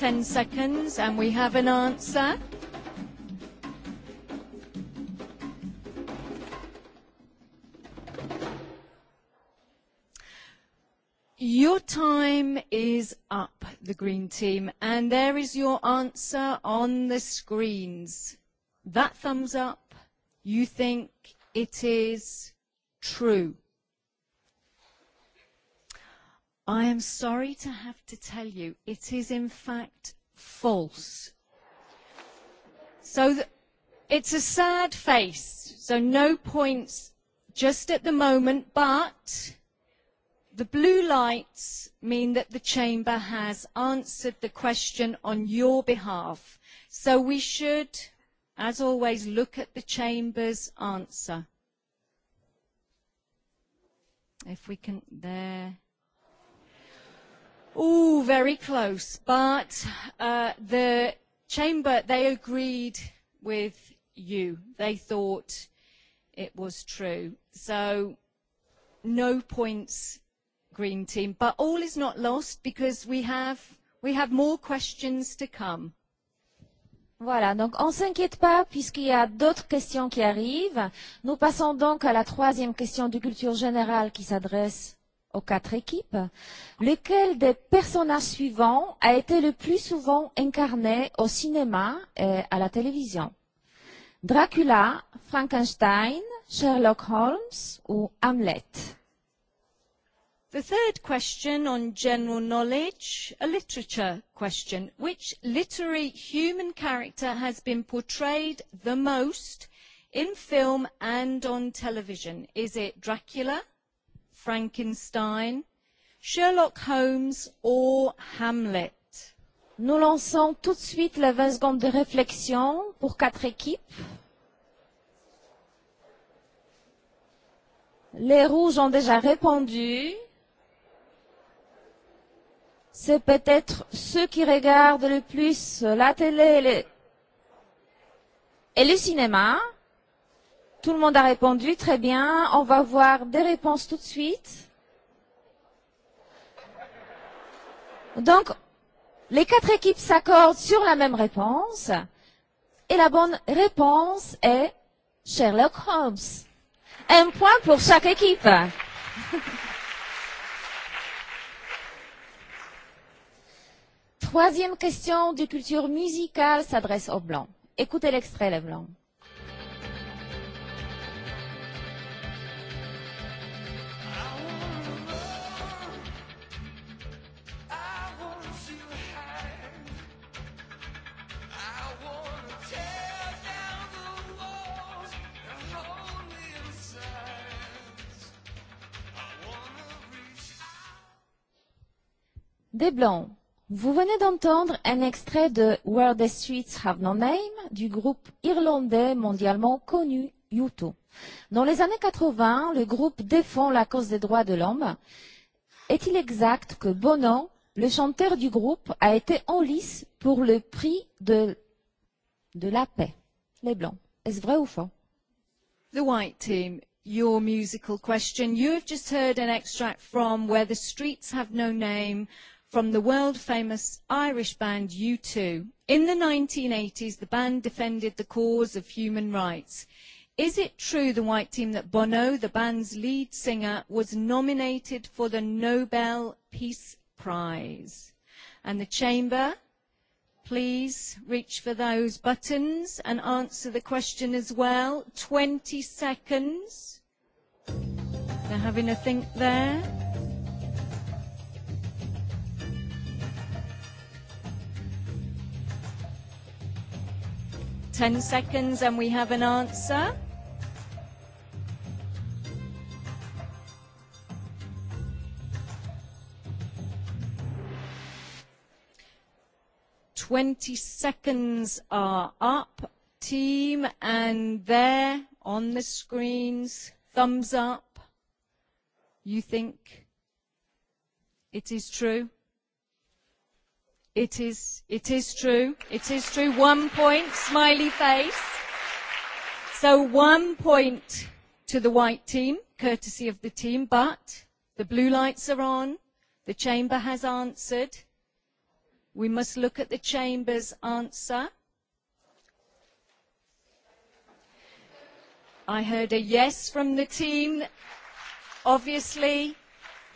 10 seconds and we have an answer. Your time is up, the green team, and there is your answer on the screens. That thumbs up, you think it is true. I am sorry to have to tell you, it is in fact false. So th- it's a sad face, so no points just at the moment, but the blue lights mean that the chamber has answered the question on your behalf. So we should, as always, look at the chamber's answer. If we can, there. Ooh, very close. But uh, the chamber, they agreed with you. They thought it was true. So no points, green team. But all is not lost because we have, we have more questions to come. Voilà, donc on ne s'inquiète pas puisqu'il y a d'autres questions qui arrivent. Nous passons donc à la troisième question de culture générale qui s'adresse aux quatre équipes, lequel des personnages suivants a été le plus souvent incarné au cinéma et euh, à la télévision Dracula, Frankenstein, Sherlock Holmes ou Hamlet The third question on general knowledge, a literature question. Which literary human character has been portrayed the most in film and on television? Is it Dracula, Frankenstein, Sherlock Holmes ou Hamlet Nous lançons tout de suite les 20 secondes de réflexion pour quatre équipes. Les rouges ont déjà répondu. C'est peut-être ceux qui regardent le plus la télé et le, et le cinéma. Tout le monde a répondu, très bien. On va voir des réponses tout de suite. Donc, les quatre équipes s'accordent sur la même réponse. Et la bonne réponse est Sherlock Holmes. Un point pour chaque équipe. Troisième question de culture musicale s'adresse aux Blancs. Écoutez l'extrait, les Blancs. des Blancs. Vous venez d'entendre un extrait de Where the Streets Have No Name du groupe irlandais mondialement connu U2. Dans les années 80, le groupe défend la cause des droits de l'homme. Est-il exact que Bono, le chanteur du groupe, a été en lice pour le prix de, de la paix Les Blancs. Est-ce vrai ou faux The White Team, your musical question. You have just heard an extract from Where the Streets Have No Name from the world-famous Irish band U2. In the 1980s, the band defended the cause of human rights. Is it true, the White Team, that Bono, the band's lead singer, was nominated for the Nobel Peace Prize? And the Chamber, please reach for those buttons and answer the question as well. 20 seconds. They're having a think there. 10 seconds and we have an answer. Twenty seconds are up. Team and there on the screens, thumbs up. You think it is true? It is, it is true. It is true. One point, smiley face. So one point to the white team, courtesy of the team, but the blue lights are on. The chamber has answered. We must look at the chamber's answer. I heard a yes from the team. Obviously,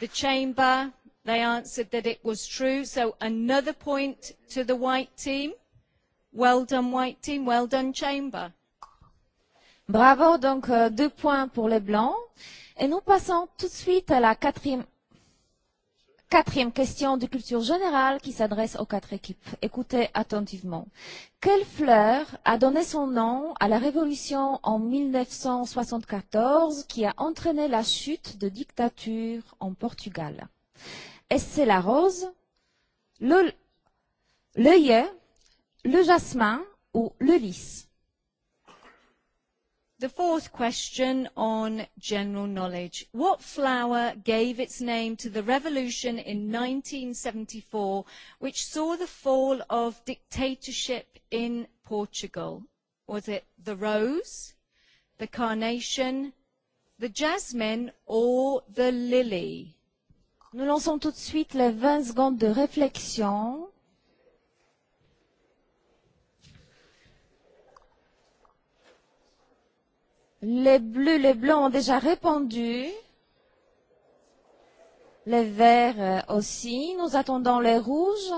the chamber They answered that it was true. So another point to the white team. Well done, white team. Well done, chamber. Bravo, donc euh, deux points pour les blancs. Et nous passons tout de suite à la quatrième, quatrième question de culture générale qui s'adresse aux quatre équipes. Écoutez attentivement. Quelle fleur a donné son nom à la révolution en 1974 qui a entraîné la chute de dictature en Portugal c'est la rose, le, l'œillet, le jasmin ou le lys. The fourth question on general knowledge. What flower gave its name to the revolution in 1974, which saw the fall of dictatorship in Portugal? Was it the rose, the carnation, the jasmine, or the lily? Nous lançons tout de suite les 20 secondes de réflexion. Les bleus, les blancs ont déjà répondu. Les verts euh, aussi. Nous attendons les rouges.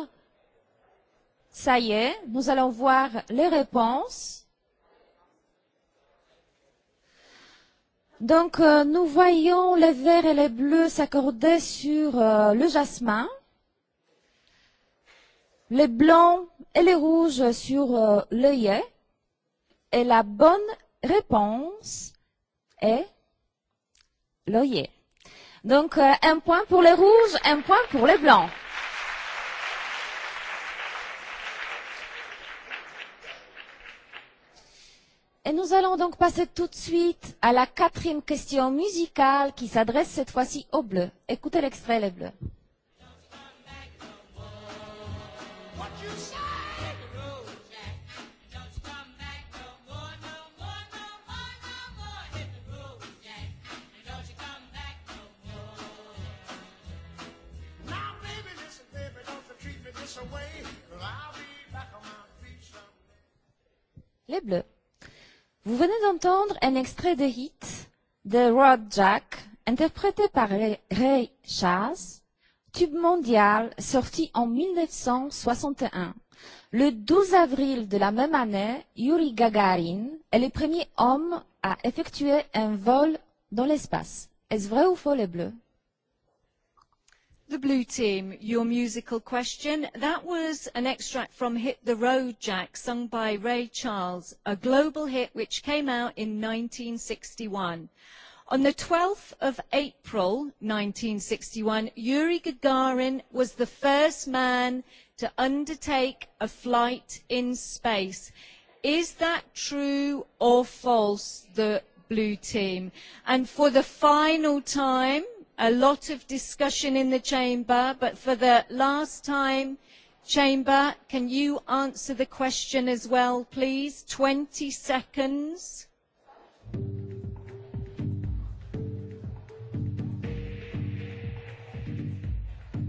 Ça y est, nous allons voir les réponses. Donc, euh, nous voyons les verts et les bleus s'accorder sur euh, le jasmin, les blancs et les rouges sur euh, l'œillet. Et la bonne réponse est l'œillet. Donc, euh, un point pour les rouges, un point pour les blancs. Et nous allons donc passer tout de suite à la quatrième question musicale qui s'adresse cette fois-ci aux Bleus. Écoutez l'extrait, les Bleus. Les Bleus. Vous venez d'entendre un extrait de hit de Rod Jack, interprété par Ray Charles, tube mondial sorti en 1961. Le 12 avril de la même année, Yuri Gagarin est le premier homme à effectuer un vol dans l'espace. Est-ce vrai ou faux les bleus The Blue Team, your musical question. That was an extract from Hit the Road Jack, sung by Ray Charles, a global hit which came out in 1961. On the 12th of April 1961, Yuri Gagarin was the first man to undertake a flight in space. Is that true or false, the Blue Team? And for the final time, a lot of discussion in the chamber, but for the last time, chamber, can you answer the question as well, please? 20 seconds.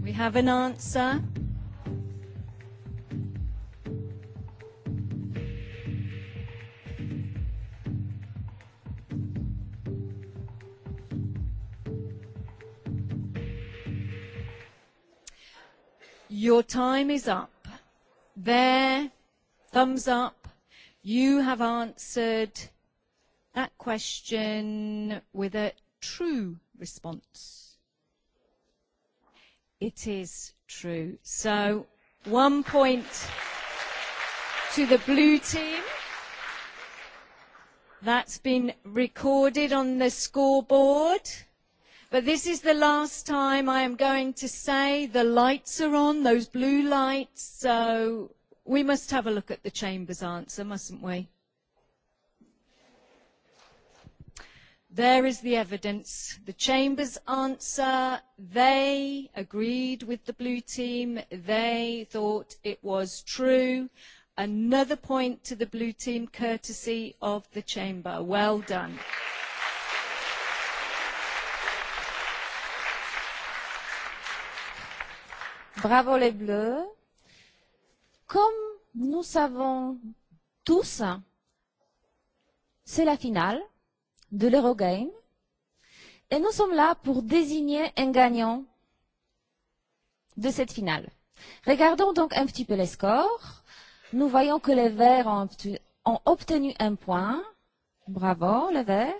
We have an answer. Your time is up. There, thumbs up. You have answered that question with a true response. It is true. So one point to the blue team. That's been recorded on the scoreboard. But this is the last time I am going to say the lights are on, those blue lights, so we must have a look at the Chamber's answer, mustn't we? There is the evidence. The Chamber's answer, they agreed with the blue team. They thought it was true. Another point to the blue team courtesy of the Chamber. Well done. Bravo les Bleus. Comme nous savons tous, c'est la finale de l'Eurogame. Et nous sommes là pour désigner un gagnant de cette finale. Regardons donc un petit peu les scores. Nous voyons que les Verts ont obtenu, ont obtenu un point. Bravo, les Verts.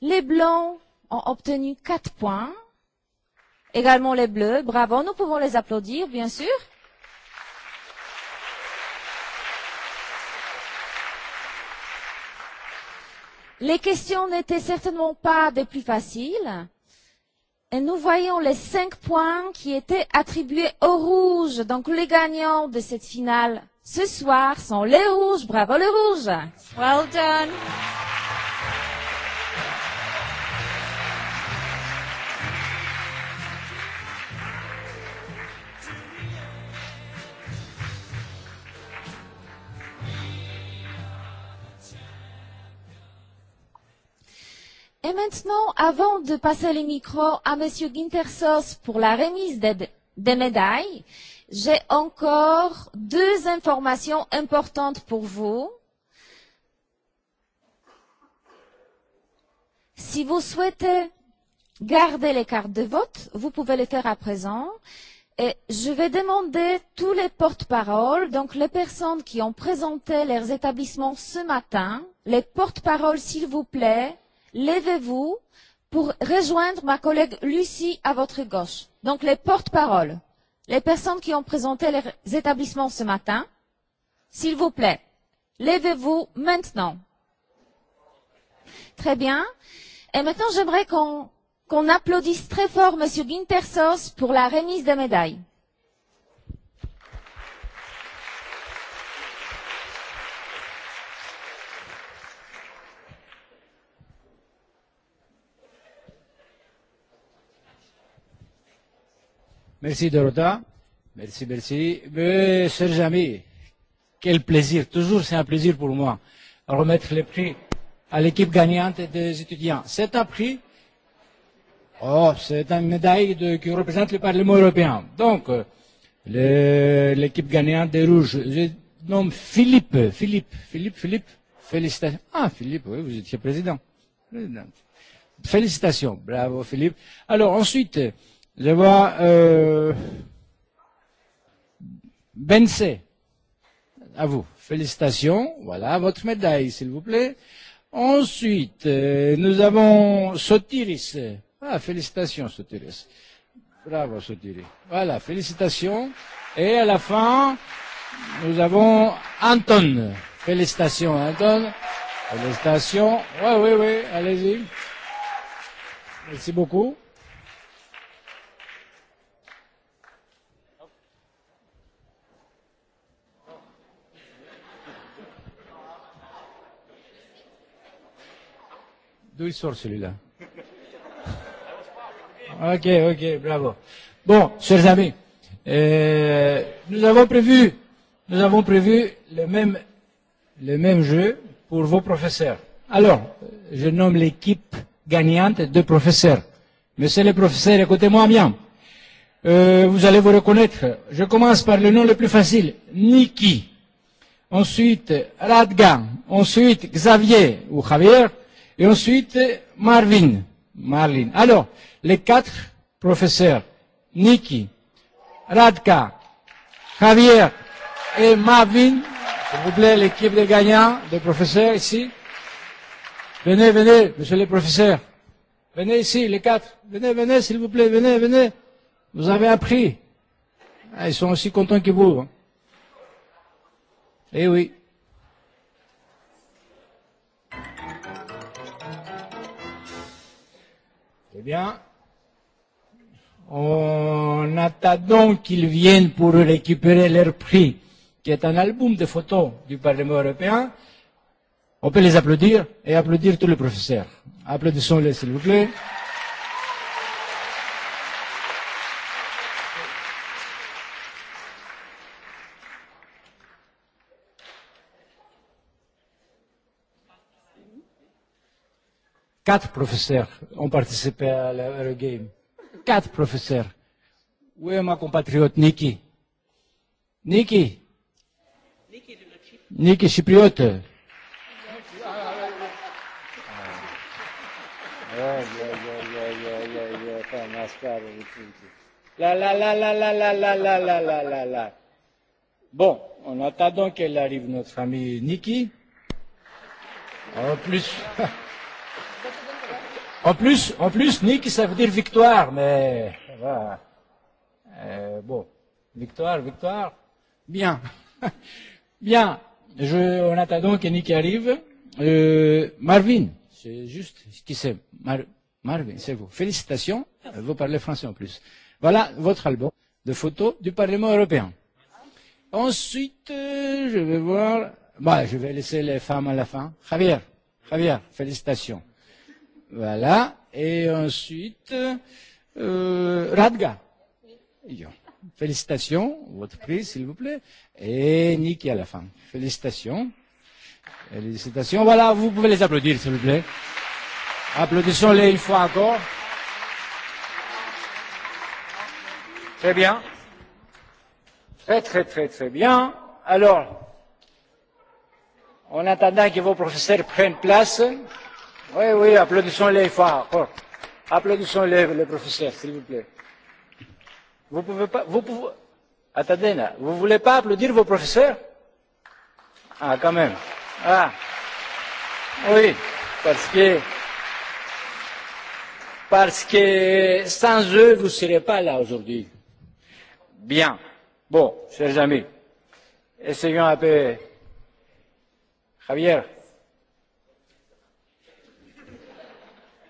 Les Blancs ont obtenu quatre points. Également les bleus. Bravo, nous pouvons les applaudir, bien sûr. Les questions n'étaient certainement pas des plus faciles. Et nous voyons les cinq points qui étaient attribués aux rouges. Donc les gagnants de cette finale ce soir sont les rouges. Bravo les rouges. Well done. Et maintenant, avant de passer le micro à Monsieur Gintersos pour la remise des, des médailles, j'ai encore deux informations importantes pour vous. Si vous souhaitez garder les cartes de vote, vous pouvez le faire à présent. Et je vais demander tous les porte-paroles, donc les personnes qui ont présenté leurs établissements ce matin, les porte-paroles, s'il vous plaît, Levez-vous pour rejoindre ma collègue Lucie à votre gauche. Donc les porte-paroles, les personnes qui ont présenté les établissements ce matin, s'il vous plaît, levez-vous maintenant. Très bien. Et maintenant, j'aimerais qu'on qu applaudisse très fort Monsieur Guintersos pour la remise des médailles. Merci Dorota. Merci, merci. Mais, Sœur Jamy, quel plaisir. Toujours, c'est un plaisir pour moi. Remettre les prix à l'équipe gagnante des étudiants. C'est un prix. Oh, c'est une médaille de, qui représente le Parlement européen. Donc, euh, l'équipe gagnante des Rouges, je nomme Philippe. Philippe, Philippe, Philippe. Félicitations. Ah, Philippe, oui, vous étiez président. président. Félicitations. Bravo, Philippe. Alors, ensuite, euh, Je vois euh, Bensé. À vous. Félicitations. Voilà votre médaille, s'il vous plaît. Ensuite, euh, nous avons Sotiris. Ah, félicitations, Sotiris. Bravo, Sotiris. Voilà, félicitations. Et à la fin, nous avons Anton. Félicitations, Anton. Félicitations. Oui, oui, oui, allez-y. Merci beaucoup. D'où il sort celui-là Ok, ok, bravo. Bon, chers amis, euh, nous avons prévu, nous avons prévu le même, le même jeu pour vos professeurs. Alors, je nomme l'équipe gagnante de professeurs. Monsieur le professeur, écoutez-moi bien. Euh, vous allez vous reconnaître. Je commence par le nom le plus facile, Niki. Ensuite, Radga. Ensuite, Xavier ou Javier. Et ensuite, Marvin. Marlin. Alors, les quatre professeurs, Niki, Radka, Javier et Marvin, s'il vous plaît, l'équipe des gagnants, des professeurs ici. Venez, venez, monsieur le professeur. Venez ici, les quatre. Venez, venez, s'il vous plaît, venez, venez. Vous avez appris. Ah, ils sont aussi contents que vous. Hein. Eh oui. Très eh bien. On attendant qu'ils viennent pour récupérer leur prix, qui est un album de photos du Parlement européen. On peut les applaudir et applaudir tous les professeurs. Applaudissons-les, s'il vous plaît. Applaudissements Quatre professeurs ont participé à l'Eurogame. Quatre professeurs. Où est ma compatriote Niki Niki Niki Chypriote. Yeah, yeah, yeah, yeah, yeah, yeah. Fan, mascara, la la la la la la la la la la la la. Bon, en attendant qu'elle arrive, notre famille Niki. En plus. En plus, en plus, Nick, ça veut dire victoire, mais voilà. Euh, bon, victoire, victoire. Bien. Bien. Je, on attend donc que Nick arrive. Euh, Marvin, c'est juste qui c'est. Mar Marvin, c'est vous. Félicitations. Euh, vous parlez français en plus. Voilà votre album de photos du Parlement européen. Ensuite, euh, je vais voir. Bah, je vais laisser les femmes à la fin. Javier, Javier, félicitations. Voilà. Et ensuite, euh, Radga. Félicitations. Votre prix, s'il vous plaît. Et Niki à la fin. Félicitations. Félicitations. Voilà, vous pouvez les applaudir, s'il vous plaît. Applaudissons-les une fois encore. Très bien. Très, très, très, très bien. Alors, en attendant que vos professeurs prennent place, Oui, oui, applaudissons-les fort. Oh, fort. Applaudissons-les, le professeur, s'il vous plaît. Vous pouvez pas, vous pouvez, attendez là, vous voulez pas applaudir vos professeurs Ah, quand même. Ah, oui, parce que, parce que sans eux, vous ne serez pas là aujourd'hui. Bien. Bon, chers amis, essayons un peu. Javier.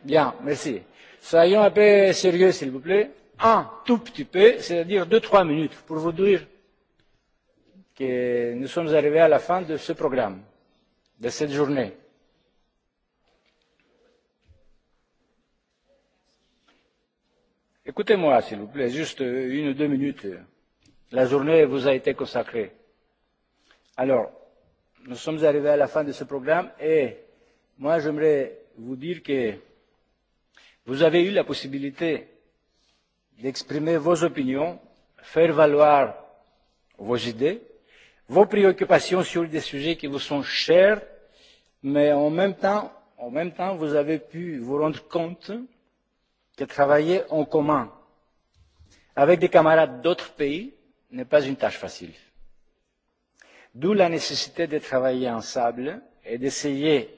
Bien, merci. Soyons un peu sérieux, s'il vous plaît. Un tout petit peu, c'est-à-dire deux, trois minutes, pour vous dire que nous sommes arrivés à la fin de ce programme, de cette journée. Écoutez-moi, s'il vous plaît, juste une ou deux minutes. La journée vous a été consacrée. Alors, nous sommes arrivés à la fin de ce programme et moi, j'aimerais vous dire que vous avez eu la possibilité d'exprimer vos opinions, faire valoir vos idées, vos préoccupations sur des sujets qui vous sont chers, mais en même temps, en même temps vous avez pu vous rendre compte que travailler en commun avec des camarades d'autres pays n'est pas une tâche facile. D'où la nécessité de travailler ensemble et d'essayer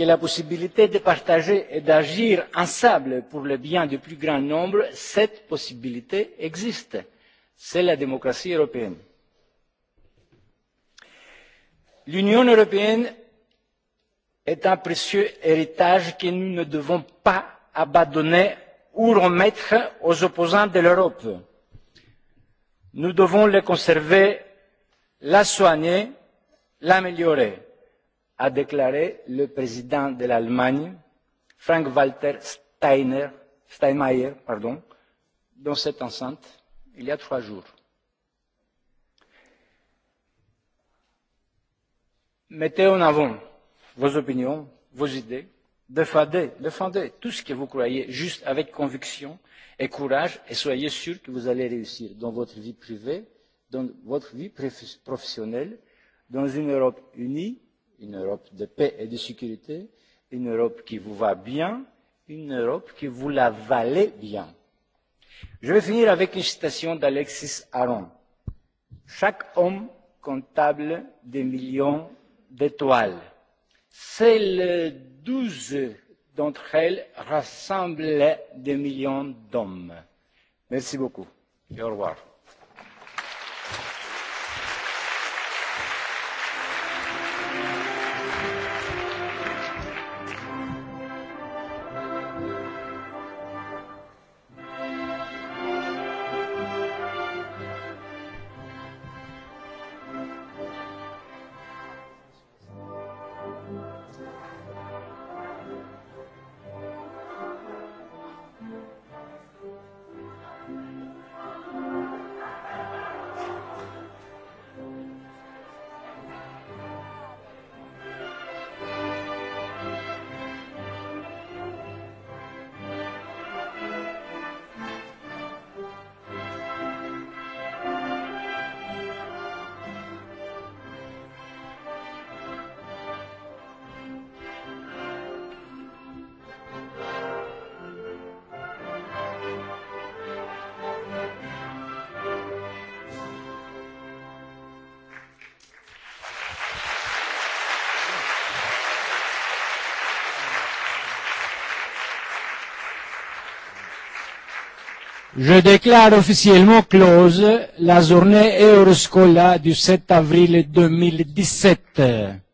que la possibilité de partager et d'agir ensemble pour le bien du plus grand nombre, cette possibilité existe. C'est la démocratie européenne. L'Union européenne est un précieux héritage que nous ne devons pas abandonner ou remettre aux opposants de l'Europe. Nous devons le conserver, la soigner, l'améliorer a déclaré le président de l'Allemagne, Frank Walter Steiner, Steinmeier, pardon, dans cette enceinte il y a trois jours. Mettez en avant vos opinions, vos idées, défendez, défendez tout ce que vous croyez, juste avec conviction et courage, et soyez sûr que vous allez réussir dans votre vie privée, dans votre vie professionnelle, dans une Europe unie une Europe de paix et de sécurité, une Europe qui vous va bien, une Europe qui vous la valait bien. Je vais finir avec une citation d'Alexis Aron. Chaque homme comptable des millions d'étoiles. Seules douze d'entre elles rassemblent des millions d'hommes. Merci beaucoup et au revoir. Je déclare officiellement close la journée Euroscola du 7 avril 2017.